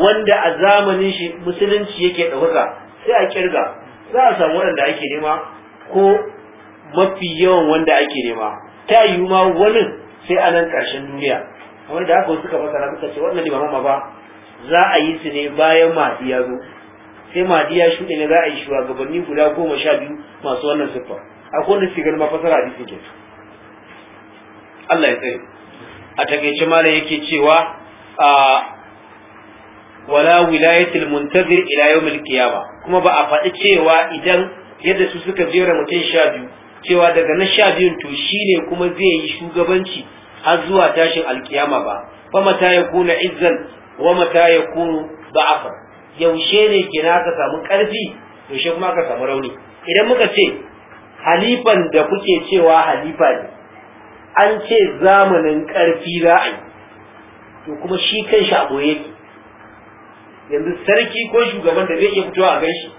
wanda a zamanin shi musulunci yake ɗaukaka sai a kirga za a samu waɗanda ake nema ko mafi yawan wanda ake nema ta yi ma wani sai a nan ƙarshen duniya wanda da haka suka fasa suka ce wannan limaman ba za a yi su ne bayan mahadi ya zo sai mahadi ya shuɗe ne za a yi shugabanni guda goma sha biyu masu wannan siffa akwai wanda suke ganin fasara hadisi ke Allah ya tsaye a takaice malam yake cewa a wala wilayatul muntazir ila yawmil qiyama kuma ba a faɗi cewa idan yadda su suka jera mutum sha biyu cewa daga na sha biyun to shine kuma zai yi shugabanci har zuwa tashin alkiyama ba fa mata ya kuna izzan wa mata yakunu da'afa yaushe ne na ka samu karfi yaushe kuma ka samu rauni idan muka ce halifan da kuke cewa halifa ne an ce zamanin karfi za a yi to kuma shi kan shi a boye yanzu sarki ko shugaban da zai iya fitowa a ganshi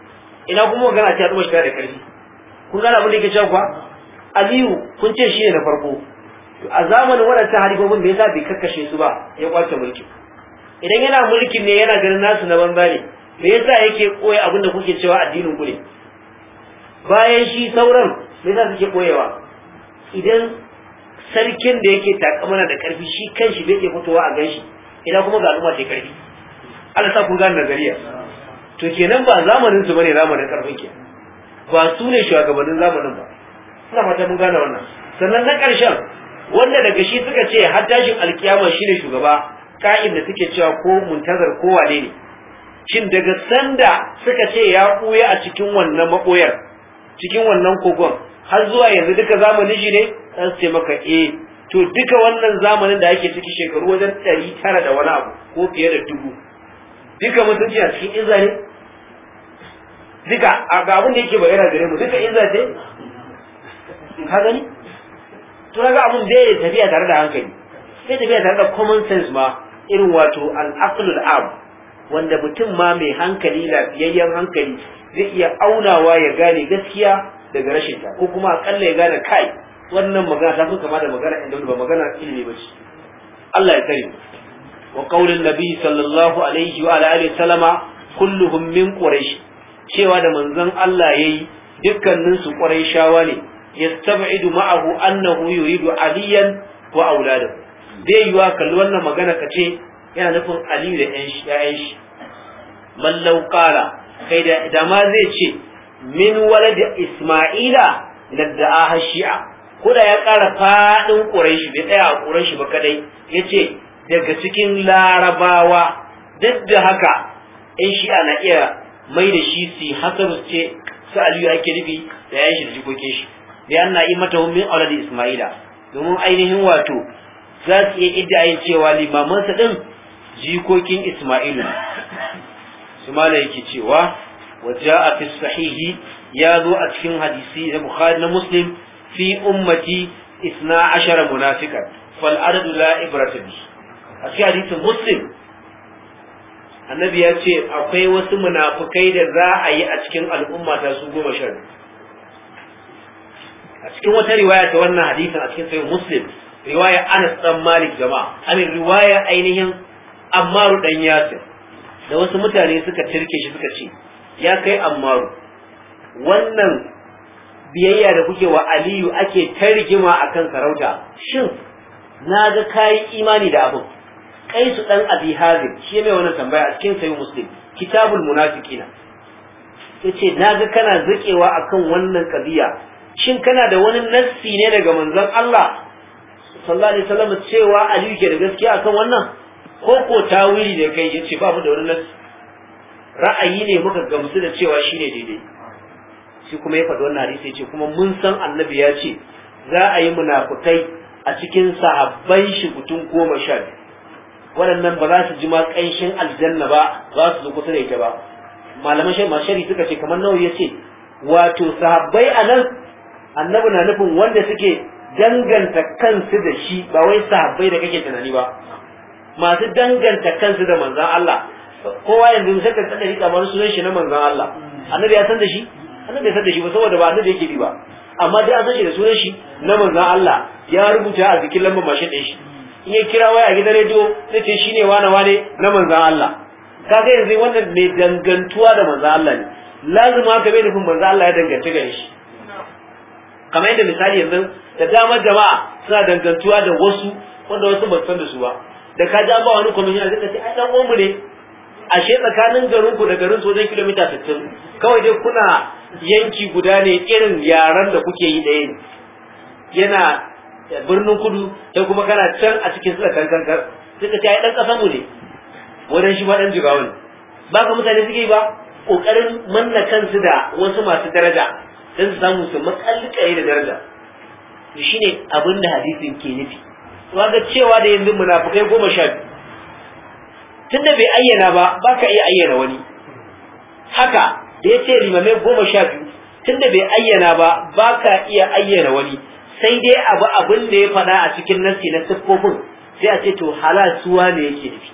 ina kuma magana a zuba shiga da karfi kun gane abin da yake cewa kuwa aliyu kun ce shi ne na farko a zamanin waɗancan da ya sa bai kakkashe su ba ya kwace mulki idan yana mulkin ne yana ganin nasu na banza ne me yasa yake koya abin da kuke cewa addinin ku ne bayan shi sauran me yasa suke koyewa idan sarkin da yake takamana da karfi shi kanshi bai ke fitowa a ganshi idan kuma ga al'umma ce karfi Allah sa kun gane nazariya to kenan ba zamanin su bane zamanin karfin ke ba su ne shugabannin zamanin ba ina fata mun gane wannan sannan na ƙarshen wanda daga shi suka ce har tashin alkiyama shine shugaba ka'in da suke cewa ko muntazar ko wane ne shin daga sanda suka ce ya ɓuya a cikin wannan maɓoyar cikin wannan kogon har zuwa yanzu duka zamanin shi ne an ce maka eh to duka wannan zamanin da yake ciki shekaru wajen ɗari tara da wani abu ko fiye da dubu duka mutunci a cikin inza ne duka a ga abin da yake bayyana gare mu duka inza ce ka gani to ga abin da ya tafiya tare da hankali sai tafiya tare da common sense ma irin wato al'aqlul am wanda mutum ma mai hankali lafiyayyen hankali zai iya aunawa ya gane gaskiya daga rashin ta ko kuma akalla ya gane kai wannan magana ta fi kama da magana inda ba magana ilimi ba ce Allah ya kare wa qaulin nabi sallallahu alaihi wa alihi sallama kulluhum min quraish cewa da manzon Allah yayi dukkanin su quraishawa ne yastabidu ma'ahu annahu yuridu aliyan wa auladahu zai yi wa kalli wannan magana ka ce yana nufin aliyu da ƴaƴan shi mallau ƙara. kai da dama zai ce min wala da isma'ila aha shi'a ko da ya ƙara faɗin shi. bai tsaya a shi ba kadai ya ce daga cikin larabawa duk da haka ƴan shi'a na iya mai da shi su hasaru ce su aliyu ake nufi da ƴaƴan shi da jikokin shi da na yi mata min da isma'ila domin ainihin wato za su iya yi cewa limamansa ɗin jikokin Isma'il su mala yake cewa wa a fi sahihi ya zo a cikin hadisi na Bukhari na Muslim fi ummati isna ashara munafiqan fal adadu la ibrata a cikin hadisin Muslim annabi ya ce akwai wasu munafukai da za a yi a cikin al'umma ta su goma sha a cikin wata riwaya ta wannan hadisin a cikin sahih Muslim riwaya Anas dan Malik jama'a amin riwaya ainihin Ammaru dan Yasir da wasu mutane suka tirke shi suka ce ya kai Ammaru wannan biyayya da kuke wa Aliyu ake ta rigima akan sarauta shin na ga kayi imani da abin kaisu dan Abi Hazim shi mai wannan tambaya a cikin sayi Muslim kitabul munafiqina yace na ga kana zikewa akan wannan kabiya shin kana da wani nassi ne daga manzon Allah sallallahu alaihi wasallam cewa Ali ke da gaskiya akan wannan ko ko tawili da kai yace ba mu da wani ra'ayi ne muka gamsu da cewa shine daidai shi kuma ya faɗi wannan hadisi yace kuma mun san Annabi ya ce za a yi munafukai a cikin sahabban shi mutum goma sha waɗannan ba za su ji ma ƙanshin aljanna ba za su zo kusa da ita ba malaman shi mashari suka ce kamar nawa ya ce wato sahabbai a nan annabi na nufin wanda suke danganta kansu da shi ba wai sahabbai da kake tunani ba masu danganta kansu da manzan Allah kowa yanzu sai ka tsada rika ba sunan shi na manzan Allah annabi ya san da shi annabi ya san da shi ba saboda ba annabi yake bi ba amma dai an san shi da sunan shi na manzan Allah ya rubuta a jikin lambar mashin din shi in ya kira waya a gidan rediyo sai ce shine wane wane na manzan Allah Ka ga yanzu wannan mai dangantuwa da manzan Allah ne lazima ka bai nufin manzan Allah ya danganta ga shi kamar yadda misali yanzu da dama jama'a suna dangantuwa da wasu wanda wasu ba san da su ba da ka ja ba wani kwamishina zai ce ai dan uwanmu ne ashe tsakanin garin ku da garin su kilomita sittin, kawai dai kuna yanki guda ne irin yaran da kuke yi ɗaya yana birnin kudu sai kuma kana can a cikin suka kankankar suka ce ai dan kasan mu ne wajen shi ma dan jigawa ne ba ka mutane suke yi ba ƙoƙarin manna kansu da wasu masu daraja dan su samu su makalkaye da daraja to shine abin da hadisin ke nufi waga cewa da yanzu munafikai goma sha biyu tunda bai ayyana ba baka iya ayyana wani haka da ya ce limame goma sha biyu tunda bai ayyana ba baka iya ayyana wani sai dai abu abin da ya faɗa a cikin nasi na siffofin sai a ce to halal suwa ne yake nufi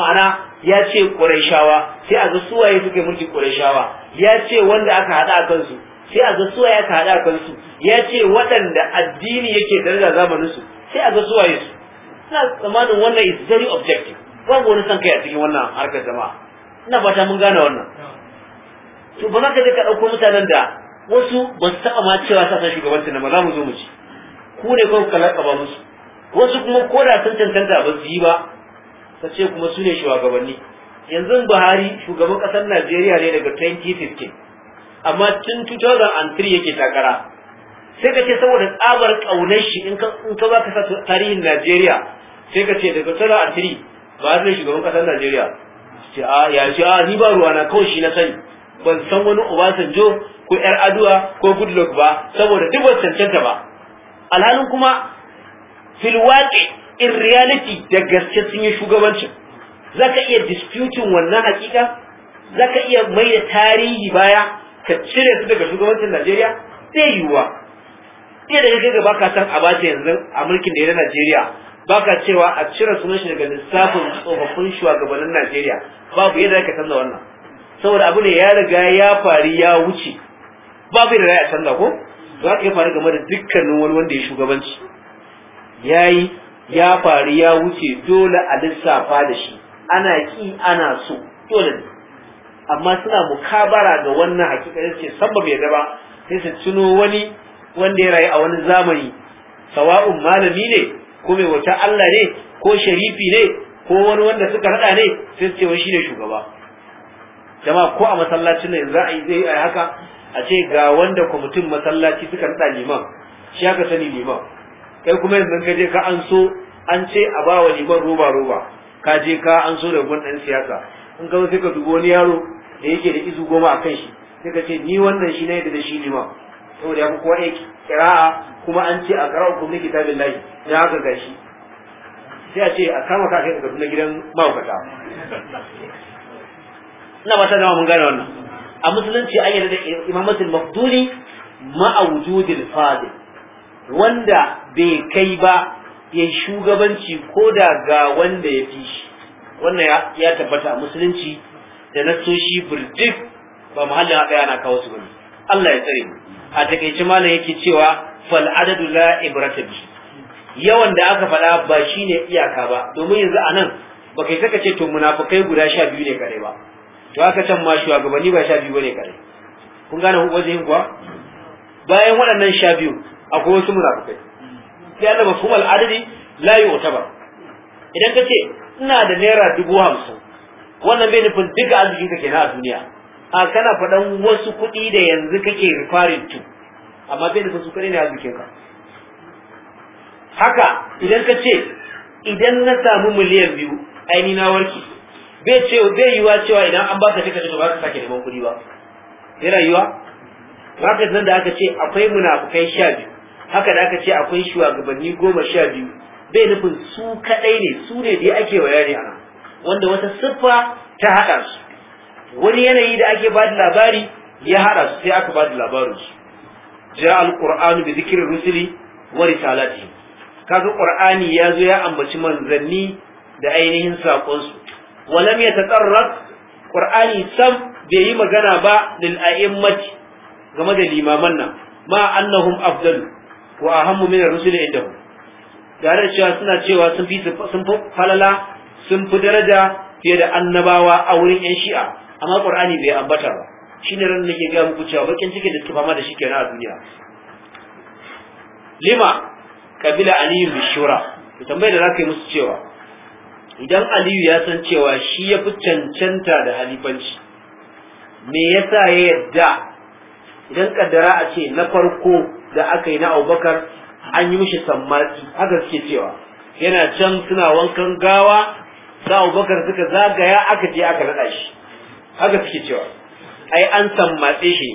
ma'ana ya ce ƙurashawa sai a ga suwaye suke mulki ƙurashawa ya ce wanda aka haɗa a kansu sai a ga suwa ya kada kan su ya ce waɗanda addini yake daraja zamanin su sai a ga suwa su ina tsammanin wannan is very objective babu wani san kai a cikin wannan harkar jama'a ina fata mun gane wannan to ba za ka je ka ɗauko mutanen da wasu ba su taɓa ma cewa sa san shugabanci na ba za mu zo mu ci ku ne kawai ka laƙaba musu wasu kuma ko da sun cancanta ba su yi ba ta ce kuma su ne shugabanni yanzu Buhari shugaban ƙasar Najeriya ne daga 2015 amma tun 2003 yake takara sai ka ce saboda tsabar kaunar shi in ka za tarihin Najeriya sai ka ce daga 2003 ba zai shugaban kasar Najeriya ya ce a ni ba ruwa na kawai shi na sani ban san wani Obasanjo ko ‘yar aduwa ko Goodluck ba saboda duk ba cancanta ba alhalin kuma filwaƙi in reality da gaske sun yi shugabancin za ka iya disputin wannan hakika za ka iya mai da tarihi baya ka cire su daga shugabancin Najeriya zai yiwuwa sai da kai gaba ka san abace yanzu a mulkin da ya na Najeriya baka cewa a cire sunan shi daga lissafin tsofaffin shugabannin Najeriya babu yadda ka canza wannan saboda abu ne ya riga ya fari ya wuce babu yadda ya canza ko za ka yi faru game da dukkanin wani wanda ya shugabanci ya yi ya faru ya wuce dole a lissafa da shi ana ki ana so dole ne amma suna mukabara ga wannan hakika yace san ba yadda ba sai su tuno wani wanda ya rayu a wani zamani sawa'un malami ne ko mai wata Allah ne ko sharifi ne ko wani wanda suka rada ne sai su ce wai shine shugaba jama'a ko a masallacin nan za a yi zai a haka a ce ga wanda kwamitin masallaci suka rada liman shi aka sani liman kai kuma yanzu ka je ka an so an ce a ba wa liman roba roba ka je ka an so da gwan dan siyasa in ka sai ka dubo wani yaro da yake da izu goma a kan shi sai ka ce ni wannan shi na yadda da shi ma. saboda ya fi kowa ya kira'a kuma an ce a kara'a kuma kitabin lahi Ya haka gashi sai a ce a kama ka kai na gidan mahaukata ina ba ta dama mun gane wannan a musulunci an yarda da imamatul mafduli ma'a wujudil fadil wanda bai kai ba ya shugabanci ko da ga wanda ya fi shi wannan ya tabbata a musulunci da na so shi burjik ba muhallin haka yana kawo su bane Allah ya tsare mu a takeice malam yake cewa fal adadu la ibrata bi yawan da aka faɗa ba shine iyaka ba domin yanzu anan ba kai saka ce to munafikai guda sha biyu ne kare ba to haka can ma shugabanni ba sha biyu bane kare. kun gane wajen kuwa bayan waɗannan sha biyu akwai wasu munafikai sai Allah mafhumul adadi la ba. idan kace ina da naira dubu hamsin wannan bai nufin duk arziki ka na a duniya a kana faɗan wasu kuɗi da yanzu kake referring to amma bai nufin su kaɗai ne arzikin ka haka idan ka ce idan na samu miliyan biyu aini na warke bai ce bai yiwa cewa idan an baka duka duka ba ka sake neman kuɗi ba yana yiwa haka nan da aka ce akwai munafukai sha biyu haka da aka ce akwai shugabanni goma sha biyu bai nufin su kaɗai ne su ne dai ake wa a nan. wanda wata siffa ta haɗa su wani yanayi da ake ba da labari ya haɗa su sai aka bada labarin su ja alqur'anu bi zikirin rusuli wa risalati kaga qur'ani ya zo ya ambaci manzanni da ainihin sakon su Wa ta yatatarraf qur'ani sam bai yi magana ba lil a'immati game da limaman nan ma annahum afdal wa ahammu min rusuli indahum da cewa suna cewa sun fi sun falala sun fi daraja fiye da annabawa a wurin yan shi'a amma qur'ani bai ambata ba shine ran nake ga muku cewa bakin ciki da tufama ma da shi kenan a duniya lima kabila aliyu bishura to tambayar da zaka yi musu cewa idan aliyu ya san cewa shi ya fi cancanta da halifanci me yasa ya yadda idan kaddara a ce na farko da aka yi na abubakar an yi mishi sammaki haka suke cewa yana can suna wankan gawa sa abubakar suka zagaya aka je aka naɗa shi haka suke cewa ai an san matse shi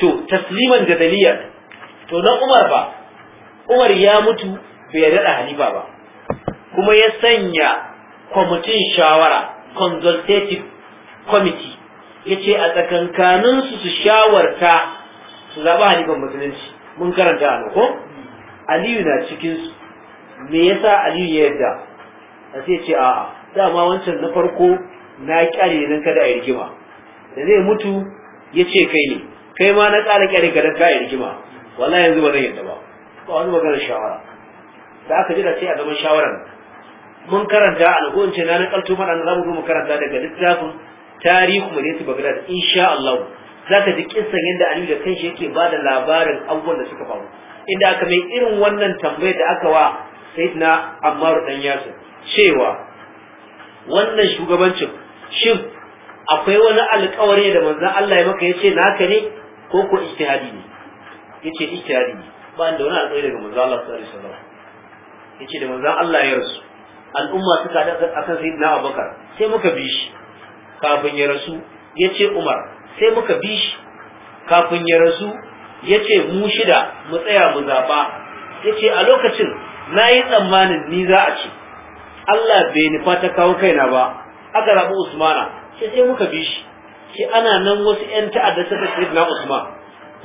to tasliman da daliyar to na umar ba umar ya mutu bai nada halifa ba kuma ya sanya kwamitin shawara consultative committee ya ce a tsakankaninsu su shawarta su zaɓi halifan musulunci mun karanta a ko aliyu na cikinsu me yasa aliyu ya yarda a sai ce a'a dama wancan na farko na kyare nan kada a rigima da zai mutu ya ce kai ne kai ma na tsara kyare ka dan ka yi rigima wallahi yanzu ba zan yadda ba ba wani maganar shawara da aka jira sai a zaman shawaran mun karanta al'uwan ce na na kalto mana za mu mu karanta daga littafin tarihi ne mulki bagdad insha Allah za ka ji kissan yadda Aliyu da kanshi yake ba da labarin abubuwan da suka faru inda aka mai irin wannan tambayar da aka wa sayyidina Ammar dan Yasir cewa wannan shugabancin shin akwai wani alkawari da manzon Allah ya maka yace naka ne ko ko ijtihadi ne yace ijtihadi ne ba da wani alkawari daga manzon Allah sallallahu alaihi wasallam yace da manzan Allah ya rasu al'umma suka da akan sayyidina Abubakar sai muka bi shi kafin ya rasu yace Umar sai muka bi shi kafin ya rasu yace mu shida mu tsaya mu zaba yace a lokacin na yi tsammanin ni za a ci Allah bai nufa ta kawo kaina ba aka rabu Usmana sai sai muka bi shi shi ana nan wasu ƴan ta'adda suka ce na Usman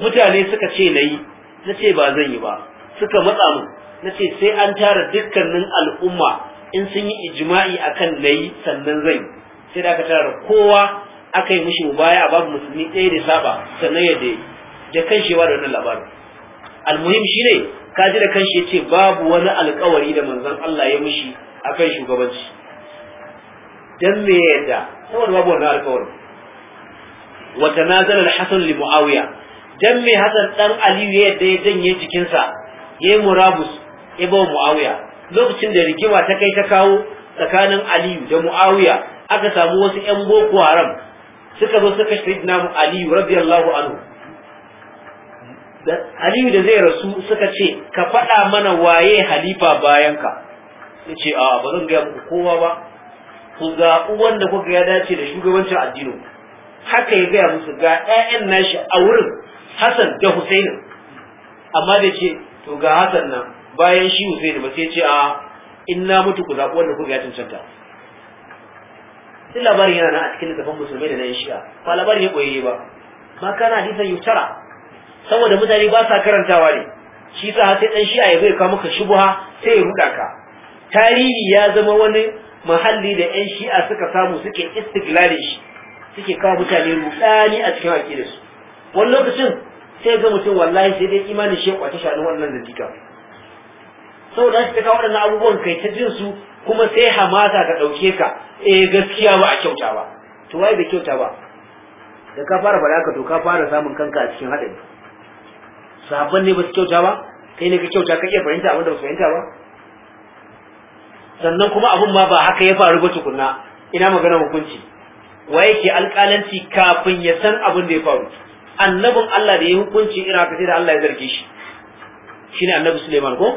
mutane suka ce nayi nace ba zan yi ba suka matsa mu nace sai an tara dukkanin al'umma in sun yi ijma'i akan nayi sannan zan yi sai da aka tara kowa aka yi mushi baya babu musulmi ɗaya da saba sannan ya da kan shewa da wannan labarin almuhim shi ne, ka ji da kanshi ce babu wani alkawari da manzon Allah ya mushi kan shugabanci dan me yadda saboda babu wani alkawari wa tanazala al-hasan li muawiya dan me hasan dan aliyu ya yadda ya janye jikinsa yi murabus ya ba muawiya lokacin da rigima ta kai ta kawo tsakanin aliyu da muawiya aka samu wasu yan boko haram suka zo suka shirya aliyu radiyallahu anhu aliyu da zai rasu suka ce ka faɗa mana waye halifa bayan ka ya ce a ba zan gaya muku kowa ba ku zaɓi wanda kuka ya dace da shugabancin addinin haka ya gaya musu ga 'ya'yan nashi a wurin hassan da Husaini. amma da ce to ga hassan nan bayan shi husaini ba sai ce a in na mutu ku zaɓi wanda kuka ya cancanta sai labarin yana nan a cikin littafin musulmai da na shi'a ba labarin ya ɓoye ba ma kana hadisan yutara saboda mutane ba sa karantawa ne shi sa sai dan shi'a ya bai ka maka shubha sai ya ruda ka tarihi ya zama wani mahalli da yan shi'a suka samu suke istiglali shi suke kawo mutane rudani a cikin aqidar su wani lokacin sai ga mutum wallahi sai dai imanin shi kwace shi wannan saboda shi ta kawo waɗannan abubuwan kai ta jin su kuma sai hamata ta ɗauke ka e gaskiya ba a kyauta ba to wai bai kyauta ba da ka fara faɗa ka to ka fara samun kanka a cikin haɗari Sabon ne ba su kyauta ba kai ne ka kyauta ka iya fahimta abin da ba su fahimta ba sannan kuma abin ma ba haka ya faru ba tukunna ina magana hukunci wa yake alƙalanci kafin ya san abin da ya faru annabin Allah da ya hukunci ina ka sai da Allah ya zarge shi shine annabi Suleiman ko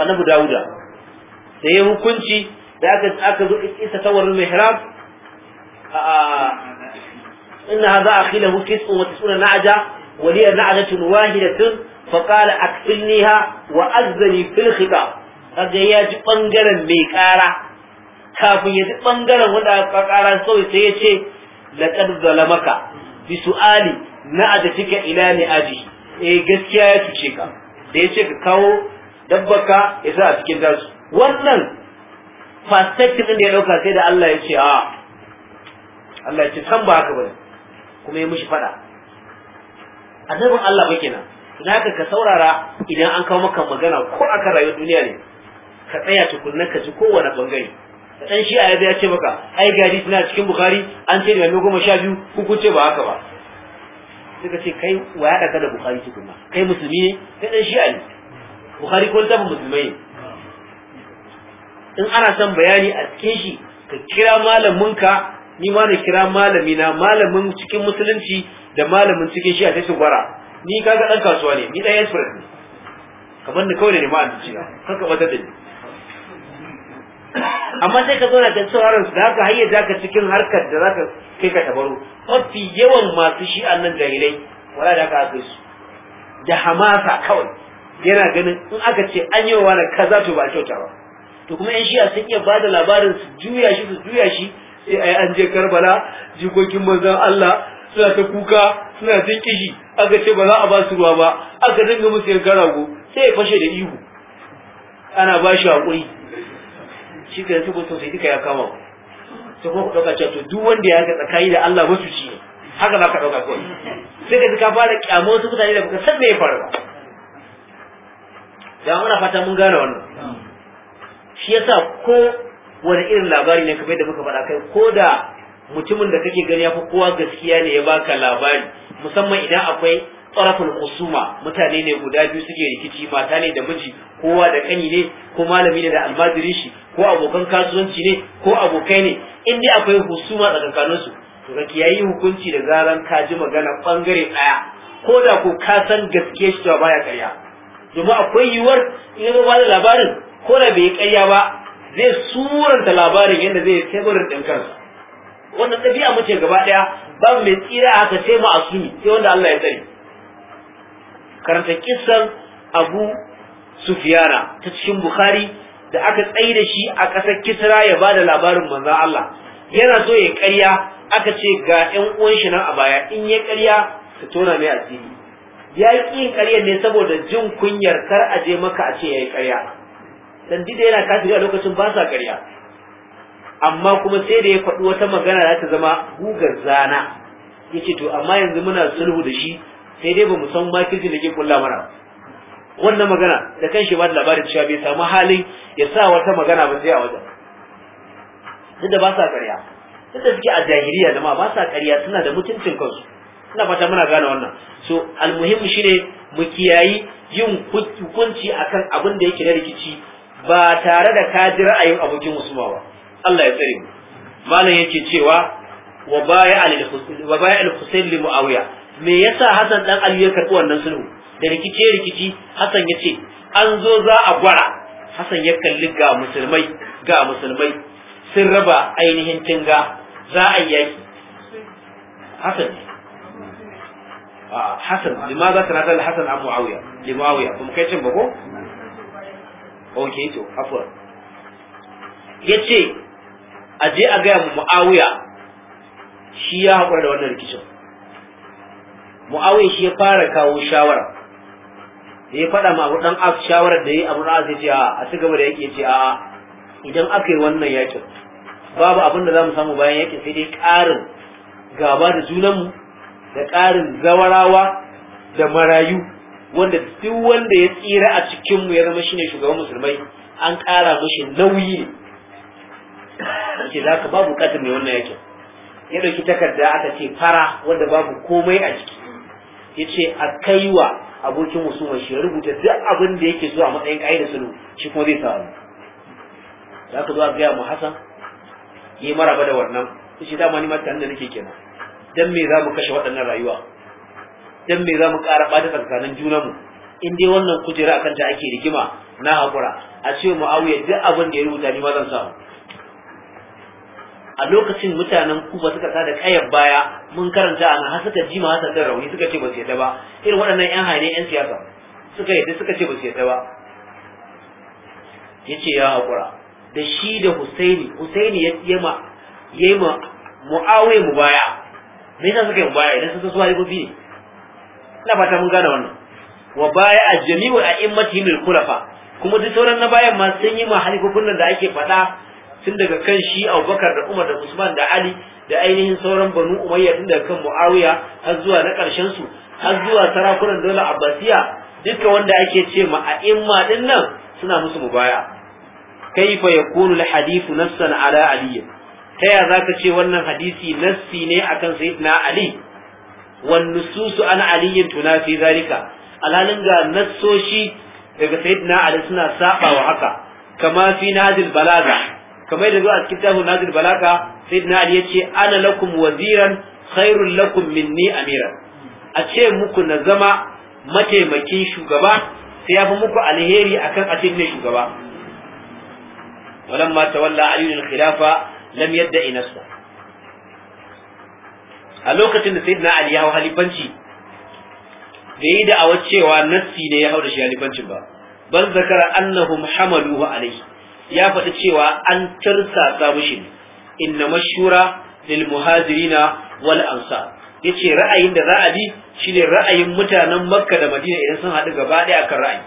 annabi Dawuda da ya hukunci da aka aka zo isa tawarin mihrab a inna hadha akhilahu kisun wa tis'una na'ja ولي نعلة واحدة فقال أكفلنيها وأذني في الخطاب kaga ya ji bangaren mai kara kafin ya ji bangaren wanda aka kara sau sai ya ce laqad zalamaka bi su'ali na adatika ila ni aji eh gaskiya ya cuce ka da ya ce ka kawo dabbaka ya sa a cikin dasu wannan perspective din ya ɗauka sai da Allah ya ce a Allah ya ce ba haka kuma ya mishi faɗa. annabin Allah ba kenan zaka ka saurara idan an kawo maka magana ko aka rayuwar duniya ne ka tsaya tukunna ka ji kowane bangare dan shi ayabi ya ce maka ai gari suna cikin bukhari an ce da mai goma sha biyu hukunce ba haka ba suka ce kai wa ya daga da bukhari tukunna kai musulmi ne kai dan shi ne bukhari ko ta musulmai ne in ana son bayani a cikin shi ka kira ka. ni ma na kira malami na malamin cikin musulunci da malamin cikin shi a sai su gwara ni kaga dan kasuwa ne ni dan expert ne kamar ni kawai ne ma aljici na kanka wata da ni amma sai ka zauna da sauraron su da haka hayya zaka cikin harkar da zaka kai ka tabaro mafi yawan masu shi nan jahilai wala da aka kai su da hamasa kawai yana ganin in aka ce an yi wa wani kaza to ba kyauta ba to kuma yan shi'a sun iya bada labarin su juya shi su juya shi sai yi an je Karbala jikokin manzan Allah suna ta kuka suna ta kishi aka ce ba za a ba su ruwa ba aka dinga musu yankan rago sai ya fashe da ihu ana ba shi hakuri shi ka yanzu ba sosai duka ya kama ba ta kuma ku ɗauka cewa duk wanda ya haka tsakani da Allah wasu ci haka za ka ɗauka kawai sai ka zika ka fara kyamar wasu mutane da baka san me ya faru ba da muna fata mun gane wannan shi yasa ko wani irin labari ne kamar da muka faɗa kai ko da mutumin da kake gani ya fi kowa gaskiya ne ya baka labari musamman idan akwai tsarafin kusuma mutane ne guda biyu suke rikici mata ne da miji kowa da kani ne ko malami ne da almajiri shi ko abokan kasuwanci ne ko abokai ne in dai akwai husuma tsakankanin su to ka kiyayi hukunci da zaran ka ji magana bangare daya ko da ko ka san gaskiya shi baya karya domin akwai yiwuwar in ya ba da labarin ko da bai karya ba zai suranta labarin yadda zai teburin ɗin kansa wannan ɗabi'a mace gaba ɗaya ba mai tsira aka sai ma'asumi sai wanda Allah ya tsare karanta Kisan Abu Sufiyana ta cikin Bukhari da aka tsaye da shi a ƙasar Kisra ya ba da labarin manzan Allah yana so ya ƙarya aka ce ga 'yan uwan shi nan a baya in ya ƙarya su tona mai asiri ya ƙi yin ƙaryar ne saboda jin kunyar kar a je maka a ce ya yi ƙarya dan dida yana kafiri a lokacin ba sa ƙarya amma kuma sai da ya faɗi wata magana za ta zama gugar zana yace to amma yanzu muna sulhu da shi sai dai bamu san makirci da ke kulla mana wannan magana da kan shi ba da labarin cewa bai samu halin ya sa wata magana ba sai a wajen duk da ba sa ƙarya duk da suke a jahiliya da ma ba sa ƙarya suna da mutuncin kansu ina fata muna gane wannan so almuhimmi shine mu kiyayi yin hukunci akan abin da yake da rikici ba tare da ka ji ra'ayin abokin husuma ba Allah ya tsare mu malam yake cewa wa baya al-husayn wa baya al-husayn li muawiya me yasa Hassan dan Ali ya karbi wannan sulhu da rikice rikici Hassan ya ce an zo za a gwara Hassan ya kalli ga musulmai ga musulmai sun raba ainihin tinga za a yi Hassan Hassan limaza tanazal Hassan an Muawiya li Muawiya kuma kai cin ba ko okay to Ya ce a je a gaya mu muawiya shi ya haƙura da wannan rikicin muawiya shi ya fara kawo shawara da ya faɗa ma dan as shawarar da yi abu na sai ce a a ci da yake ce a idan aka yi wannan yakin babu abin da za mu samu bayan yakin sai dai ƙarin gaba da junanmu da ƙarin zawarawa da marayu wanda duk wanda ya tsira a cikin mu ya zama shine shugaban musulmai an ƙara mishi nauyi ne ce za ka babu buƙatar mai wannan yakin ya ɗauki takarda aka ce fara wanda babu komai a ciki ya ce a kaiwa abokin musulman shi ya rubuta duk abin da yake zuwa matsayin ƙa'idar sulhu shi kuma zai samu za ka zo a gaya mu hasan yi maraba da wannan shi dama ni ma da nake kenan dan me za mu kashe waɗannan rayuwa dan me zamu ƙara ɓata tsakanin junanmu in dai wannan kujera akan ta ake rigima na hakura a ce muawiya duk abin da ya rubuta ni ma zan samu a lokacin mutanen kuba suka sa da kayan baya mun karanta ana har suka ji ma da rauni suka ce ba su yadda ba irin waɗannan yan hane yan siyasa suka yadda suka ce ba su yadda ba yace ya hakura da shi da Husaini Husaini ya yema yema muawiya baya. me yasa suka yi baya idan sun so halifofi ne ina fata mun gane wannan wa baya a jami'u a immatihim al-khulafa kuma duk sauran na bayan ma sun yi ma halifofin nan da ake faɗa tun daga kan shi Abubakar da Umar da Usman da Ali da ainihin sauran Banu Umayya tun daga kan Muawiya har zuwa na ƙarshen su har zuwa sarakunan dole Abbasiya duka wanda ake ce ma a imma din nan suna musu mubaya kaifa yakunu al-hadith nassan ala aliyya ta ya ka ce wannan hadisi nassi ne akan sayyidina Ali wan nususu an aliyin tunafi zalika alhalin ga daga sayyidina ali suna sabawa haka kama fi nadil balaga kamar yadda zuwa cikin tahu nadil balaga sayyidina ali yace ana lakum waziran khairun lakum minni amira a ce muku na zama mataimakin shugaba sai ya fi muku alheri akan a ne shugaba walamma tawalla aliyul khilafa lam yadda inasa a lokacin da sayyidina ali ya hau halifanci bai yi da'awar cewa nassi ne ya hau da shi halifancin ba ban zakara annahum hamaluhu alayhi ya faɗi cewa an tarsa sa mushi inna mashura lil muhajirina wal ansar yace ra'ayin da za a bi shine ra'ayin mutanen makka da madina idan sun haɗu gaba ɗaya akan ra'ayi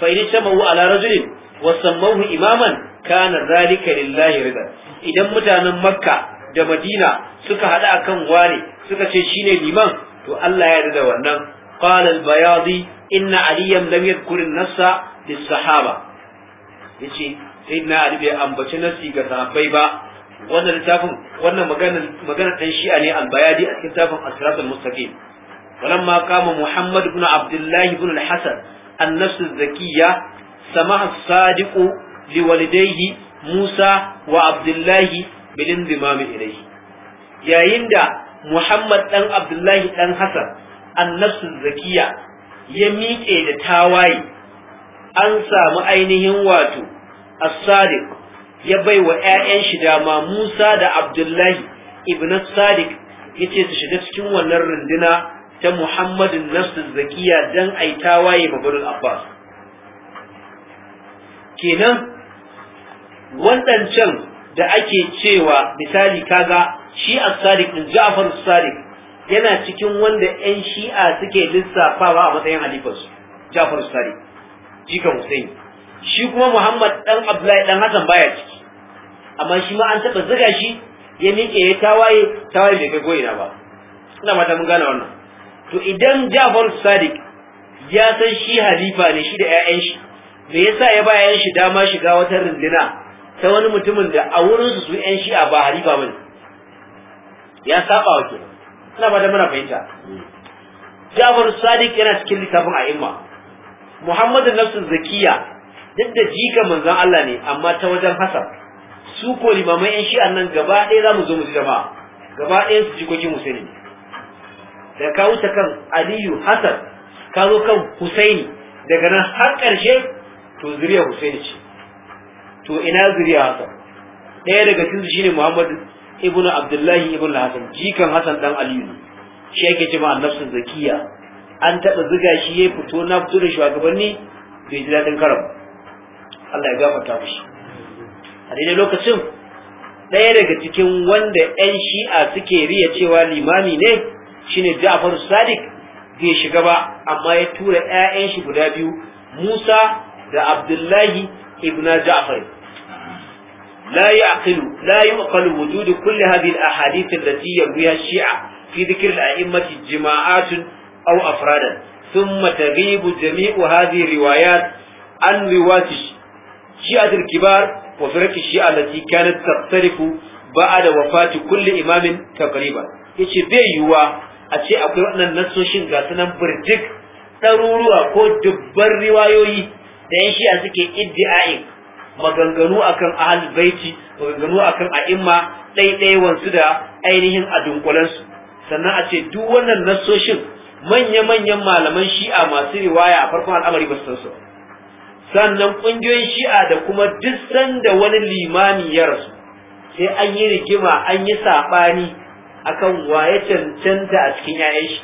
fa idan tamawu ala rajulin wa sammahu imaman kana zalika lillahi rida idan mutanen makka da madina suka haɗu akan ware suka ce shine liman to Allah ya yarda da wannan qala al-bayadi inna aliyam lam yadhkur an-nassa lis-sahaba yace sai na ali bai ambaci nassi ga sahabbai ba wannan littafin wannan magana magana dan shi'a ne al-bayadi a cikin littafin as-sirat al-mustaqim ولما قام محمد بن عبد الله بن الحسن النفس الزكية سمح الصادق لوالديه موسى وعبد الله بالانضمام إليه yayin da Muhammad ɗan Abdullahi ɗan Hassan annafsul zakiya ya miƙe da tawaye an samu ainihin wato as-sadiq ya bai wa 'ya'yan shi dama Musa da Abdullahi ibn as-sadiq yace su shiga cikin wannan runduna ta Muhammadin nafsul zakiya dan ai tawaye babul Abbas kenan waɗancan da ake cewa misali kaga shi as-sadiq din Ja'far as-sadiq yana cikin wanda ƴan shi'a suke lissafawa a matsayin halifarsu Ja'far as-sadiq jikan Hussein shi kuma Muhammad dan Abdullahi dan Hassan baya ciki amma shi ma an taɓa ziga shi ya miƙe ya tawaye tawaye bai kai goyina ba ina mata mun gane wannan to idan Ja'far as-sadiq ya san shi halifa ne shi da ƴaƴan shi me yasa ya ba ƴaƴan shi dama shiga wata rundina ta wani mutumin da a wurin su su ƴan shi'a ba halifa bane ya saba wa ke ina ba da muna fahimta Jafar Sadiq yana cikin littafin a'imma Muhammadu Nafsu Zakiya duk da jika manzon Allah ne amma ta wajen Hassan su ko limamai yan shi'an nan gaba ɗaya za mu zo mu ji jama'a gaba ɗaya su jikokin musulmi da ka wuce kan Aliyu Hassan ka zo kan Husaini daga nan har ƙarshe to zuriya Husaini ce to ina zuriya Hassan ɗaya daga cikin shine Muhammadu ibnu abdullahi ibnu hasan jikan hasan dan aliyu shi yake cewa annabsun zakiya an taɓa ziga shi ya fito na fito da shugabanni to ji daɗin karam Allah ya gafarta mishi a daidai lokacin ɗaya daga cikin wanda 'yan shi'a suke riya cewa limami ne shine Ja'far Sadiq bai shiga ba amma ya tura 'ya'yan shi guda biyu Musa da Abdullahi ibn Ja'far لا يعقل لا يعقل وجود كل هذه الأحاديث التي يرويها الشيعة في ذكر الأئمة جماعات أو أفرادا ثم تغيب جميع هذه الروايات عن رواة الشيعة الكبار وفرق الشيعة التي كانت تختلف بعد وفاة كل إمام تقريبا yace bai yiwuwa a ce akwai waɗannan nassoshin ga sunan birjik ɗaruruwa ko dubban riwayoyi da yan shi'a suke iddi'ain maganganu akan ahlul baiti maganganu akan a'imma ɗaiɗai wansu da ainihin adunkulan su sannan a ce duk wannan nassoshin manya-manyan malaman shi'a masu riwaya a farkon al'amari ba su sannan ƙungiyoyin shi'a da kuma duk sanda wani limami ya rasu sai an yi rigima an yi saɓani akan waye cancanta a cikin 'ya'yan shi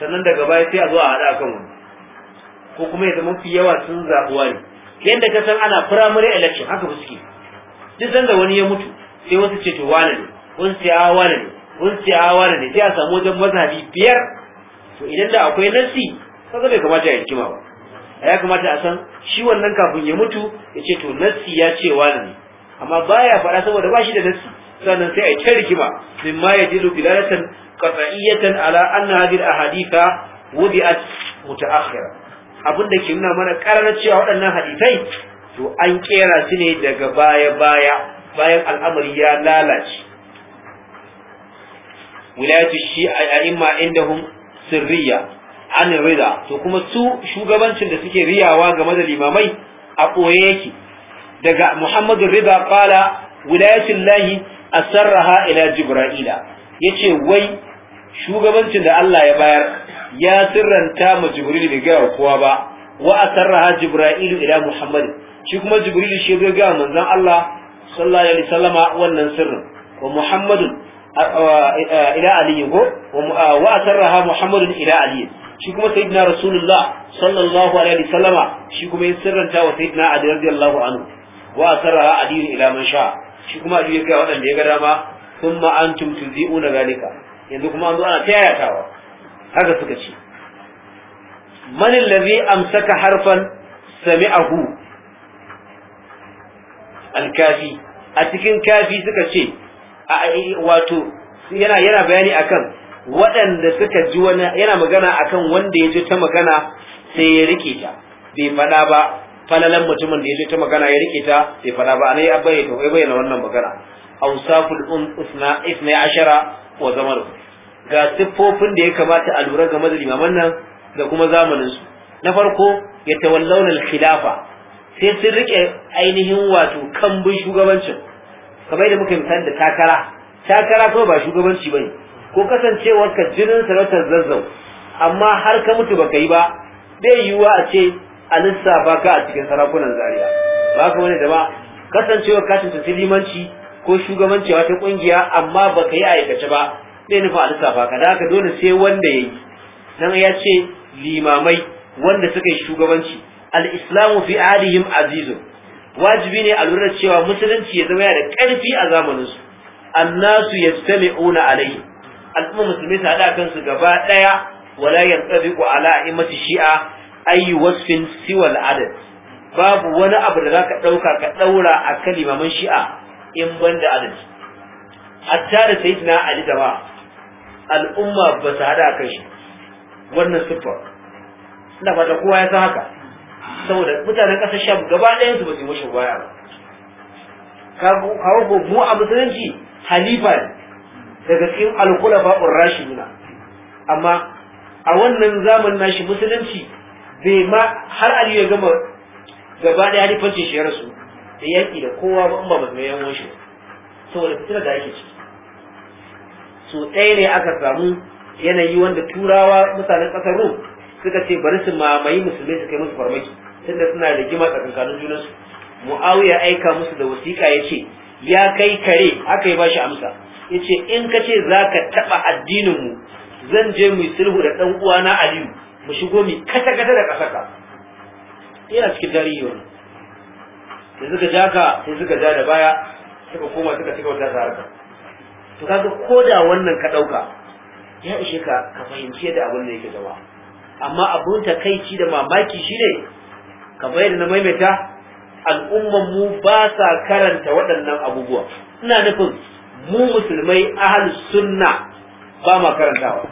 sannan daga baya sai a zo a haɗa akan wani ko kuma ya zama fi yawa sun zaɓuwa ne yadda ka san ana primary election haka suke duk sanda wani ya mutu sai wasu ce to wane ne kun ce a wane ne kun ce a wane ne sai a samu wajen mazhabi biyar to idan da akwai nasi kaga bai kamata ya hikima ba ya kamata a san shi wannan kafin ya mutu ya ce to nasi ya ce wani ne amma baya faɗa saboda ba shi da nassi sannan sai a yi ta rikima min ma yajidu bilalatan qat'iyatan ala anna hadhihi al ahaditha wudi'at muta'akhkhira abin da ke nuna mana karar cewa waɗannan hadisai to an kera su ne daga baya baya bayan al'amari ya lalace wilayatu shi a imma hun sirriya an rida to kuma su shugabancin da suke riyawa game da limamai a ɓoye yake daga muhammadu rida kala wilayatun lahi a sarraha ila jibra'ila ya ce wai shugabancin da allah ya bayar ya sirranta ma jibril bai gaya wa kowa ba wa asarraha jibril ila muhammad shi kuma jibril shi bai gaya manzon Allah sallallahu alaihi wasallama wannan sirrin wa muhammadun ila aliyu ko wa asarraha muhammadun ila aliyu shi kuma sayyidina rasulullah sallallahu alaihi wasallama shi kuma ya sirranta wa sayyidina ali radiyallahu anhu wa asarraha aliyu ila man sha shi kuma aliyu ya ga wadanda ya ga dama thumma antum tuzi'una zalika yanzu kuma an zo ana tayatawa haka suka ce man allazi amsaka harfan sami'ahu al-kafi a cikin kafi suka ce a wato yana yana bayani akan waɗanda suka ji wani yana magana akan wanda ya ji ta magana sai ya rike ta bai faɗa ba falalan mutumin da ya ji ta magana ya rike ta bai faɗa ba anai ya bayyana wannan magana awsaful um usna 12 wa zamaru ga siffofin da ya kamata a lura game da limaman nan da kuma zamanin su na farko ya tawallauna al-khilafa sai sun rike ainihin wato kambun shugabancin kamar da muka yi misali da takara takara kuma ba shugabanci bane ko kasancewar ka jinin sarautar zazzau amma har ka mutu baka yi ba bai yiwuwa a ce a lissafa ka a cikin sarakunan zaria ba ka wani da ba kasancewar ka tuntuci limanci ko shugabanci wata kungiya amma baka yi aikace ba zai nufa a lissafa ka da haka dole sai wanda ya yi nan ya ce limamai wanda suka yi shugabanci al-islamu fi alihim Azizu. wajibi ne a lura cewa musulunci ya zama da karfi a zamaninsu annasu yastami'una alayhi al'umma musulmi su haɗa kansu gaba ɗaya wala yantabiqu ala imati shi'a ayi wasfin siwal adad babu wani abu da za ka ɗauka ka ɗaura a limaman shi'a in banda adadi hatta da sayyidina ali da ba al'umma ba su hada kai shi wannan siffa ina fata kowa ya san haka saboda mutanen ƙasar sham gaba ɗayan su ba su yi mashi baya ba kawo mu a musulunci halifa daga cikin rashi nuna, amma a wannan zaman nashi musulunci bai ma har ali ya gama gaba ɗaya ce shi ya rasu da yaki da kowa ba ba mai yan wanshi saboda fitina da ake ciki so ɗaya ne aka samu yanayi wanda turawa mutanen ƙasar rum suka ce bari su mamayi musulmi su kai musu farmaki tunda suna da gima tsakankanin junansu muawiya aika musu da wasiƙa ya ce ya kai kare aka yi shi amsa ya ce in ka ce za ka taɓa addininmu zan je mu sulhu da ɗan uwana aliyu mu shigo mu kata kata da ƙasarka yana cikin tarihi wani sai suka ja ka sai suka ja da baya suka koma suka cika wata harka to kaga koda wannan ka dauka ya ishe ka ka fahimci yadda abin da yake zama amma abin takaici da mamaki shine kamar yadda na maimaita al'umman mu ba sa karanta waɗannan abubuwa ina nufin mu musulmai ahal sunna ba ma karantawa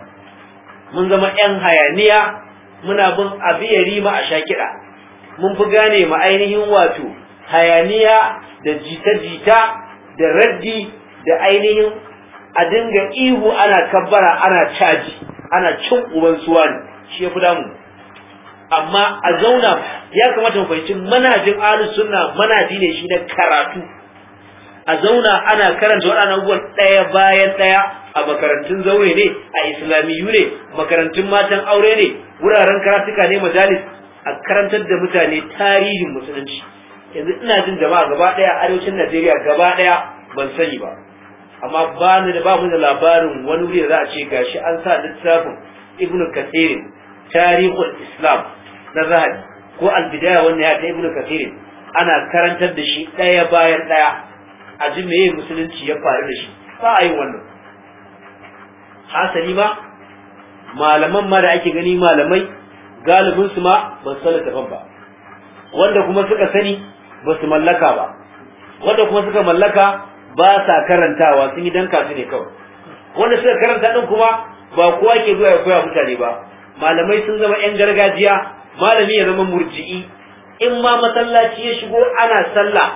mun zama 'yan hayaniya muna bin abiyari ma a shakiɗa mun fi gane ma ainihin wato hayaniya da jita-jita da raddi da ainihin a dinga ihu ana kabbara ana caji ana cin uban suwa ne shi ya fi damu amma a zauna ya kamata mu fahimci manajin ahlus sunna manaji ne shi na karatu a zauna ana karanta waɗannan abubuwan ɗaya bayan ɗaya a makarantun zaure ne a islamiyu ne makarantun matan aure ne wuraren karatuka ne majalis a karantar da mutane tarihin musulunci yanzu ina jin jama'a gaba ɗaya arewacin najeriya gaba ɗaya ban sani ba amma ba ni da babu da labarin wani wuri da za a ce gashi an sa littafin ibn kathirin tarihul islam na zahabi ko albidaya wanda ya ta ibn kathirin ana karantar da shi ɗaya bayan ɗaya a ji meye musulunci ya faru da shi ba a yi wannan hasali ma malaman ma da ake gani malamai galibin su ma ba su daban ba wanda kuma suka sani ba su mallaka ba wanda kuma suka mallaka ba sa karantawa sun yi dan kasu ne kawai wanda suka karanta din kuma ba kowa ke zuwa ya koya mutane ba malamai sun zama yan gargajiya malami ya zama murji'i in ma masallaci ya shigo ana sallah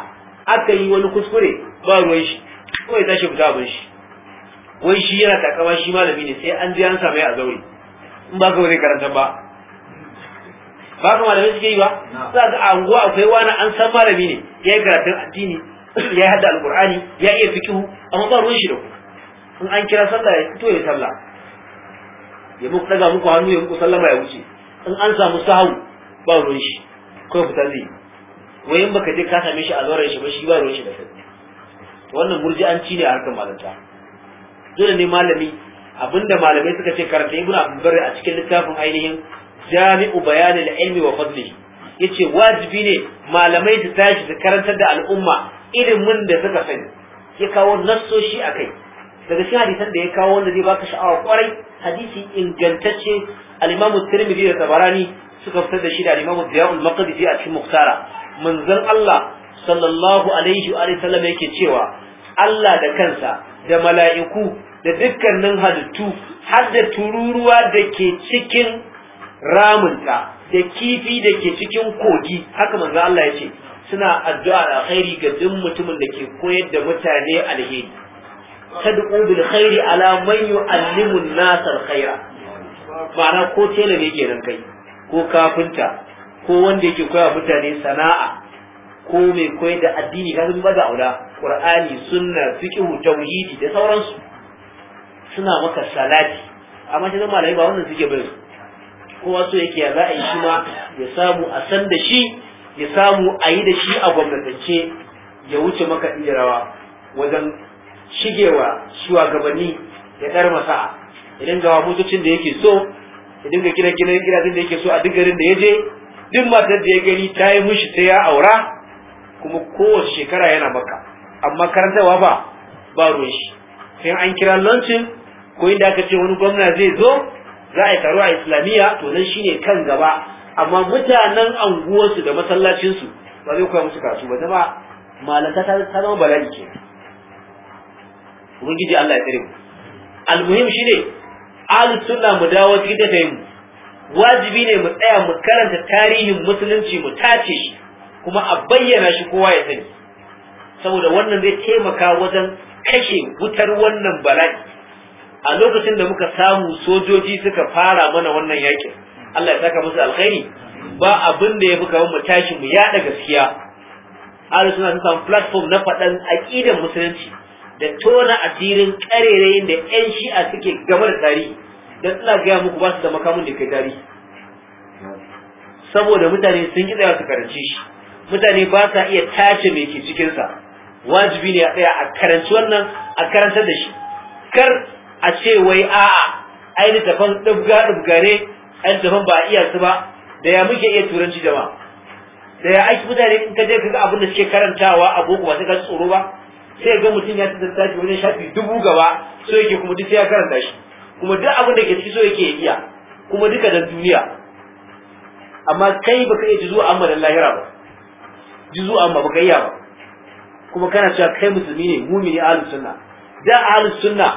aka yi wani kuskure ba ruwan shi kawai tashi fita abin shi wai shi yana takama shi malami ne sai an je an same a zaure in ba ka wani karanta ba ba ka malamai suke yi ba za ka anguwa akwai wani an san malami ne ya yi karatun addini ya hada alkur'ani ya iya fiqhu amma ba ruwan shi da ku in an kira sallah ya fito ya sallah ya muku daga muku hannu ya muku sallama ya wuce in an samu sahu ba ruwan shi kawai fita zai wai in baka je ka same shi a zauren shi ba shi ba ruwan shi da kai wannan murji'anci ne a harkar malanta dole ne malami abinda malamai suka ce karanta ibn abdulbar a cikin littafin ainihin jami'u bayanin ilmi wa fadli yace wajibi ne malamai su tashi su karantar da al'umma ilimin da suka sani ya kawo nassoshi a kai daga cikin hadisan da ya kawo wanda zai baka sha'awa kwarai hadisi ingantacce al-imamu tirmidhi da tabarani suka fitar da shi da al-imamu diyabul maqdisi a cikin muktara manzon Allah sallallahu alaihi wa sallam yake cewa Allah da kansa da mala'iku da dukkanin halittu har da tururuwa da ke cikin ramunta da kifi da ke cikin kogi haka manzon Allah ya ce suna addu'a da alkhairi ga duk mutumin da ke koyar da mutane alheri tad'u bil khairi ala man yu'allimu an-nas al-khaira ma'ana ko tela ne kenan kai ko kafinta ko wanda yake koya mutane sana'a ko mai koyar da addini ga zama da aula qur'ani sunna fiqh tauhidi da sauransu suna maka salati amma shi zama malai ba wannan suke bai kowa so yake ya za a yi shi ma ya samu a san da shi ya samu a yi da shi a gwamnatance ya wuce maka iya wajen shigewa shugabanni ya ɗar masa ya dinga wa motocin da yake so ya dinga gina gina gidajen da yake so a duk garin da ya je duk matar da ya gani ta yi mushi sai ya aura kuma kowace shekara yana maka amma karantarwa ba ba ruwan shi sai an kira lancin ko inda aka ce wani gwamna zai zo za a yi taro a islamiyya to nan shine kan gaba amma mutanen anguwarsu da masallacinsu ba zai koya musu kasu ba zama malata ta zama bala'i ke ubangiji Allah ya tsare mu almuhim shine Ali sunna mu dawo cikin tafiyin wajibi ne mu tsaya mu karanta tarihin musulunci mu tace shi kuma a bayyana shi kowa ya sani saboda wannan zai taimaka wajen kashe wutar wannan bala'i a lokacin da muka samu sojoji suka fara mana wannan yakin Allah ya saka musu alkhairi ba abin da ya fi kamar mu tashi mu yaɗa gaskiya ahlus suna sun samu platform na faɗan aƙidar musulunci da tona asirin ƙarerayin da 'yan shi'a suke game da tarihi da ina gaya muku ba su da makamun da kai tarihi saboda mutane sun ki tsaya su karance shi mutane ba sa iya tace mai ke cikinsa wajibi ne a tsaya a karanci wannan a karantar da shi kar a ce wai a'a ai littafan ɗubga ɗubga ne an daban ba a iya su ba da ya muke iya turanci da ba? da ya aiki mutane in ka je ka ga abin da suke karantawa a boko ba sai ka tsoro ba sai ga mutum ya tsada shi wani shafi dubu gaba so yake kuma duk sai ya karanta shi kuma duk abin da ke ciki so yake iya kuma duka da duniya amma kai baka iya juzu amma da lahira ba juzu amma baka iya ba kuma kana cewa kai musulmi ne mumini ahlus sunna da ahlus sunna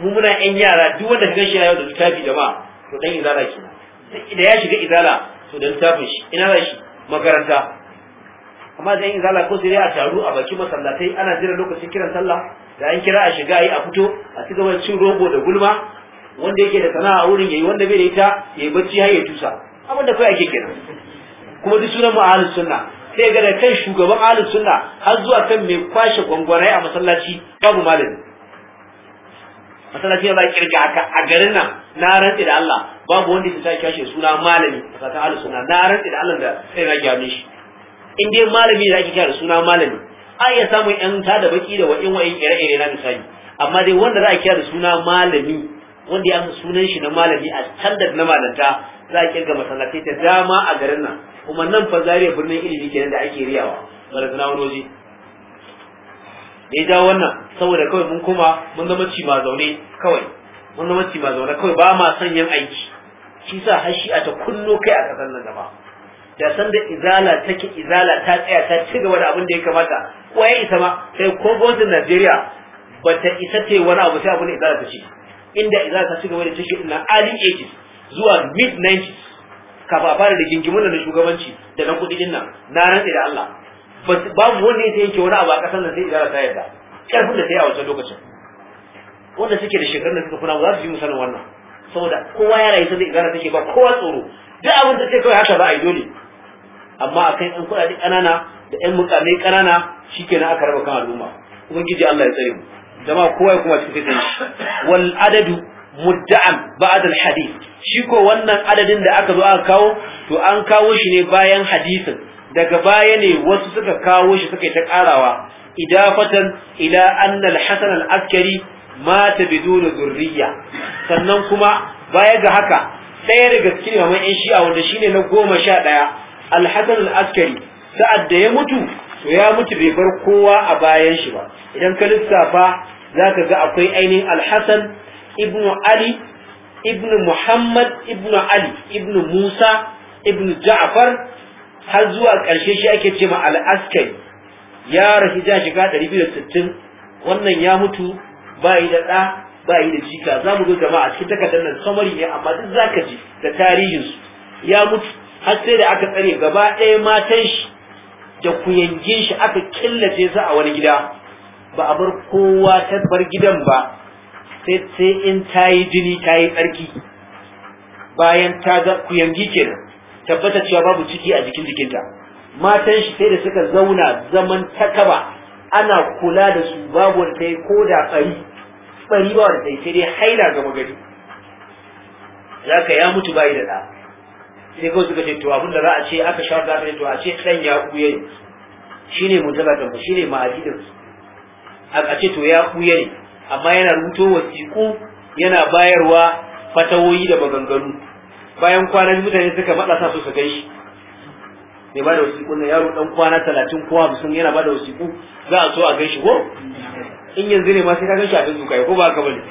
mu muna yan yara duk wanda ka gashi yau da littafi jama'a to dan izara kenan da ya shiga izala to dan littafin shi ina za shi makaranta amma da yin izala ko sai a taru a bakin masallatai ana jira lokacin kiran sallah da an kira a shiga yi a fito a ci gaba cin rogo da gulma wanda yake da sana'a a wurin yayi wanda bai da ita yayi bacci har ya tusa abin da kai ake kira kuma duk sunan mu sunna sai ga da kai shugaban ahlus sunna har zuwa kan mai kwashe gwangwarai a masallaci babu malami masallaci ba kirga haka a garin nan na rantsi da Allah babu wanda ya sake kashe suna malami a ta suna na rantsi da Allah da sai na gyame shi in dai malami da ake kira suna malami ai ya samu yan ta da baki da wa'in wa'in ire-ire na misali amma dai wanda za a kira da suna malami wanda ya san sunan shi na malami a standard na malanta za a kirga masallatai Ta dama a garin nan kuma nan fa zariya birnin ilimi kenan da ake riyawa barazana wani waje me ya jawo wannan saboda kawai mun koma mun zama ci ma zaune kawai mun zama ci ma zaune kawai ba ma son yin aiki shi sa har shi a ta kunno kai a kasar nan gaba da san da izala take izala ta tsaya ta ci gaba da abin da ya kamata ko ya isa ma sai ko gwamnatin Najeriya ba ta isa ta wani abu sai abin da izala ta ci inda izala ta ci gaba da take na early ages zuwa mid 90s kafa a da na shugabanci da na kuɗi nan na rantse da Allah babu wanda ya yanke wani abu a ƙasar nan sai izara ta yadda karfin da sai a wancan lokacin wanda suke da shekarun da suka kuna za su ji musanin wannan saboda kowa ya rayu sai izara take ba kowa tsoro duk abin da sai kawai haka za a yi dole amma a kan ɗan kuɗaɗe ƙanana da ƴan mukamai ƙanana shikenan aka raba kan al'umma ubangiji Allah ya tsare mu jama'a kowa ya kuma cikin sai wal adadu mudda'an ba'd al hadith shi ko wannan adadin da aka zo aka kawo to an kawo shi ne bayan hadisin daga baya ne wasu suka kawo shi suka yi ta ƙarawa idafatan ila anna al-hasan al-askari mata biduna zurriya sannan kuma baya ga haka ɗaya daga cikin maman yan shi'a wanda shine na goma sha ɗaya al-hasan al-askari sa'ad da ya mutu to ya mutu bai bar kowa a bayan shi ba idan ka lissafa zaka ga akwai ainihin al-hasan ibnu ali ibnu muhammad ibnu ali ibnu musa ibnu ja'far har zuwa ƙarshe shi ake ce ma al'askai ya rasu jan shiga ɗari biyu da wannan ya mutu ba yi da ɗa ba yi da jika za mu zo a cikin takardar nan samari ne amma duk za ka ji da tarihinsu ya mutu har sai da aka tsare gaba ɗaya matan shi da kuyangin shi aka killace su a wani gida ba a bar kowa ta bar gidan ba sai sai in ta yi jini ta yi tsarki bayan ta ga kuyangi kenan tabbata cewa babu ciki a jikin jikinta matan shi sai da suka zauna zaman takaba ana kula da su babu wanda ta yi ko da tsari tsari ba wanda ta yi sai dai haila gama gari za ka ya mutu bayi da ɗa sai kawai suka ce to abin da za a ce aka sha za a to a ce ɗan ya ɓuya ne shi ne mutalatan ku shi ne su. a ce to ya ɓuya ne amma yana rubuto wasiƙu yana bayarwa fatawoyi da maganganu bayan kwanan mutane suka sa su su gan shi ba da wasiƙu na yaro dan kwana talatin ko hamsin yana ba da wasiƙu za a so a gan shi ko in yanzu ne ma sai ka gan shi a facebook ko ba ka bane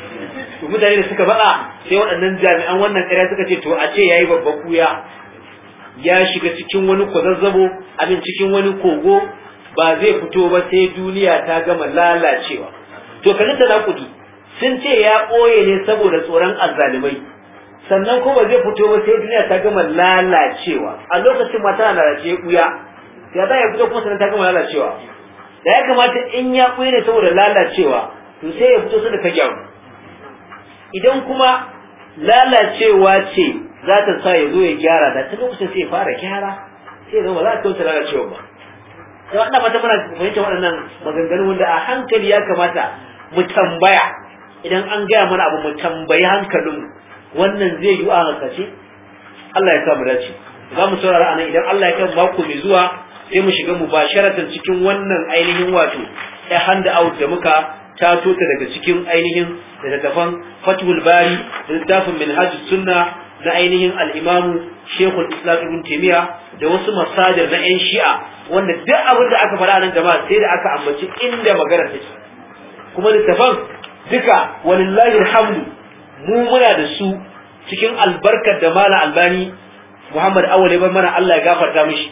to mutane da suka faɗa sai waɗannan jami'an wannan ƙarya suka ce to a ce yayi babban kuya ya shiga cikin wani kwazazzabo abin cikin wani kogo ba zai fito ba sai duniya ta gama lalacewa to kalli ta kudi sun ce ya ɓoye ne saboda tsoron azzalumai sannan ko ba zai fito ba sai duniya ta gama lalacewa a lokacin ma tana lalace kuya ya za ya fito kuma sannan ta gama lalacewa da ya kamata in ya kuya ne saboda lalacewa to sai ya fito sai da ta gyaru idan kuma lalacewa ce za ta sa ya zo ya gyara da ta lokacin sai ya fara gyara sai ya zama za ta kauce lalacewa ba Da ana fata muna fahimtar waɗannan maganganu wanda a hankali ya kamata mu tambaya idan an gaya mana abu mu tambayi hankalinmu wannan zai yi a hankalce Allah ya sa mu dace za mu saurara anan idan Allah ya kan mako mai zuwa sai mu shiga mubasharatan cikin wannan ainihin wato ya handa out da muka ta ta daga cikin ainihin da littattafan Fathul Bari da min Minhaj Sunna na ainihin al-Imam Sheikhul Islam Ibn Taymiyyah da wasu masadir na 'yan Shi'a wanda duk abin da aka faɗa nan jama'a sai da aka ambaci inda magana take kuma littafan duka walillahi alhamdu mu muna da su cikin albarkar da mala albani muhammad awale bar mana Allah ya gafarta mishi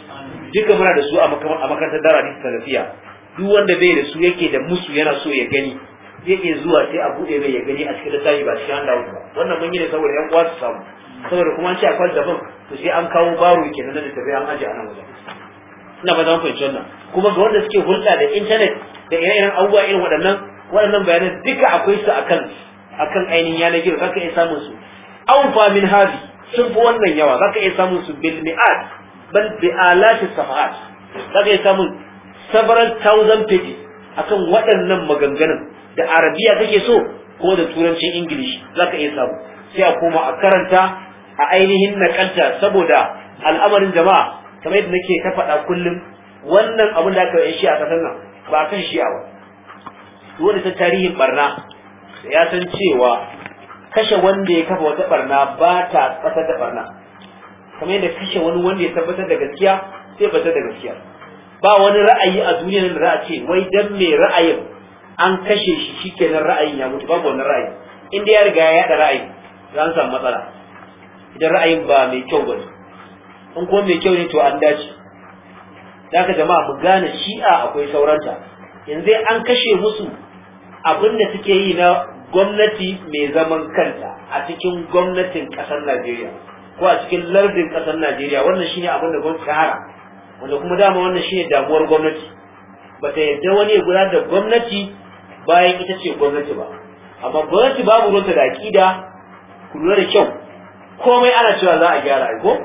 duka muna da su a makarantar dara da salafiya duk wanda bai da su yake da musu yana so ya gani zai iya zuwa sai a bude mai ya gani a cikin littafi ba cikin handa ba wannan mun yi ne saboda yan uwa su samu saboda kuma an ce akwai daban to sai an kawo baro nan da tafiya an aje a nan wajen ina ba za mu fahimci wannan kuma ga wanda suke hulɗa da intanet da ire-iren abubuwa irin waɗannan waɗannan bayanan duka akwai su a kan. akan ainihin yanar gizo zaka iya samun su an fa min hadi sun fi wannan yawa zaka iya samun su bil mi'at bal bi alati safahat zaka iya samun several thousand pages akan waɗannan maganganun da arabiya kake so ko da turancin ingilishi ka iya samu sai a koma a karanta a ainihin nakalta saboda al'amarin jama'a kamar yadda nake ta faɗa kullum wannan abin da aka yi shi a ƙasar nan ba kan shi a wani ta tarihin barna ya san cewa kashe wanda ya kafa wata barna ba ta tsasa da barna kamar yadda kashe wani wanda ya tabbatar da gaskiya sai batar da gaskiya ba wani ra'ayi a nan da za a ce wai dan me ra'ayin an kashe shi shikenan ra'ayin ya mutu babu wani ra'ayi in dai ya riga ya yada ra'ayi za a samu matsala idan ra'ayin ba mai kyau ba in kuma mai kyau ne to an dace da jama'a mu gane shi'a akwai sauranta yanzu an kashe musu abin da suke yi na gwamnati mai zaman kanta a cikin gwamnatin ƙasar Najeriya ko a cikin lardin ƙasar Najeriya wannan shine abin da gwamnati ta hara wanda kuma dama wannan shine damuwar gwamnati ba ta yarda wani ya gudanar da gwamnati bayan ita ce gwamnati ba amma gwamnati babu ruwanta da aƙida ku da kyau komai ana cewa za a gyara ko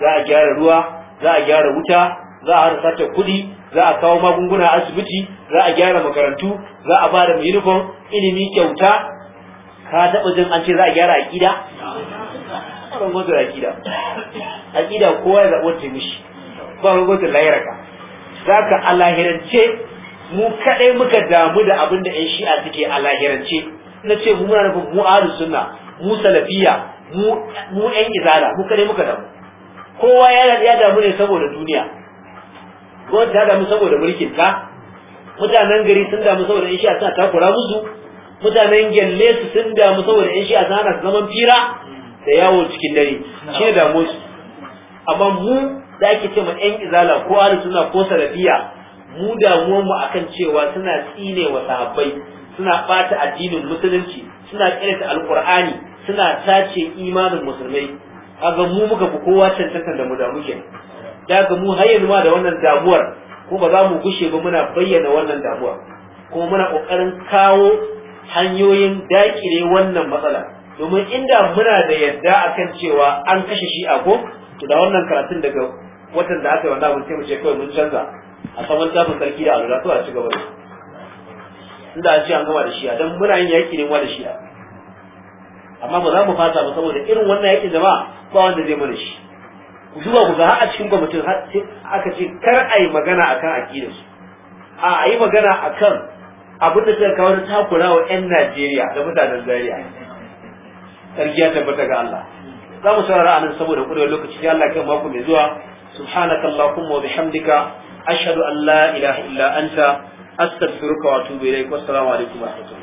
za a gyara ruwa za a gyara wuta za a harsa ta kuɗi za a kawo magunguna a asibiti za a gyara makarantu za a ba da uniform ilimi kyauta ka taɓa jin an ce za a gyara aƙida ban gwada A aƙida kowa ya zaɓa ta mishi ba ban gwada layarka za ka alahirance mu kaɗai muka damu da abin da 'yan shi'a suke alahirance na ce mu muna nufin mu ahlus sunna mu salafiya mu 'yan izala mu kaɗai muka damu kowa ya damu ne saboda duniya gwamnati ta damu saboda mulkin ta mutanen gari sun damu saboda in shi'a takura musu mutanen gyalle su sun damu saboda in shi'a suna zaman fira da yawo cikin dare shi ne damu amma mu da ake ce ma yan izala ko a suna ko salafiya mu damuwar mu akan cewa suna tsine wa sahabbai suna bata addinin musulunci suna kiranta Alƙur'ani, suna tace imanin musulmai a ga mu muka fi kowa cancantar da mu damu kenan da mu har yanzu ma da wannan damuwar ko ba za mu gushe ba muna bayyana wannan damuwa kuma muna kokarin kawo hanyoyin dakile wannan matsala domin inda muna da yadda akan cewa an kashe shi a ko to da wannan karatun daga watan da aka yi wannan abin ce kawai mun canza a saman tafin sarki da alura to a ci gaba da inda a an gama da shi a dan muna yin yaki ne da shi amma ba za mu fasa ba saboda irin wannan yakin jama'a ba wanda zai mana shi ku zuba ku a cikin gwamnatin aka ce kar a yi magana akan aƙidar su a yi magana akan abin da suka kawo takura wa 'yan Najeriya da mutanen Zaria ya tabbata ga Allah za mu saurara nan saboda kudin lokaci ya Allah kan mako mai zuwa subhanakallahumma wa bihamdika ashhadu an la ilaha illa anta astaghfiruka wa atubu ilaik wassalamu alaikum wa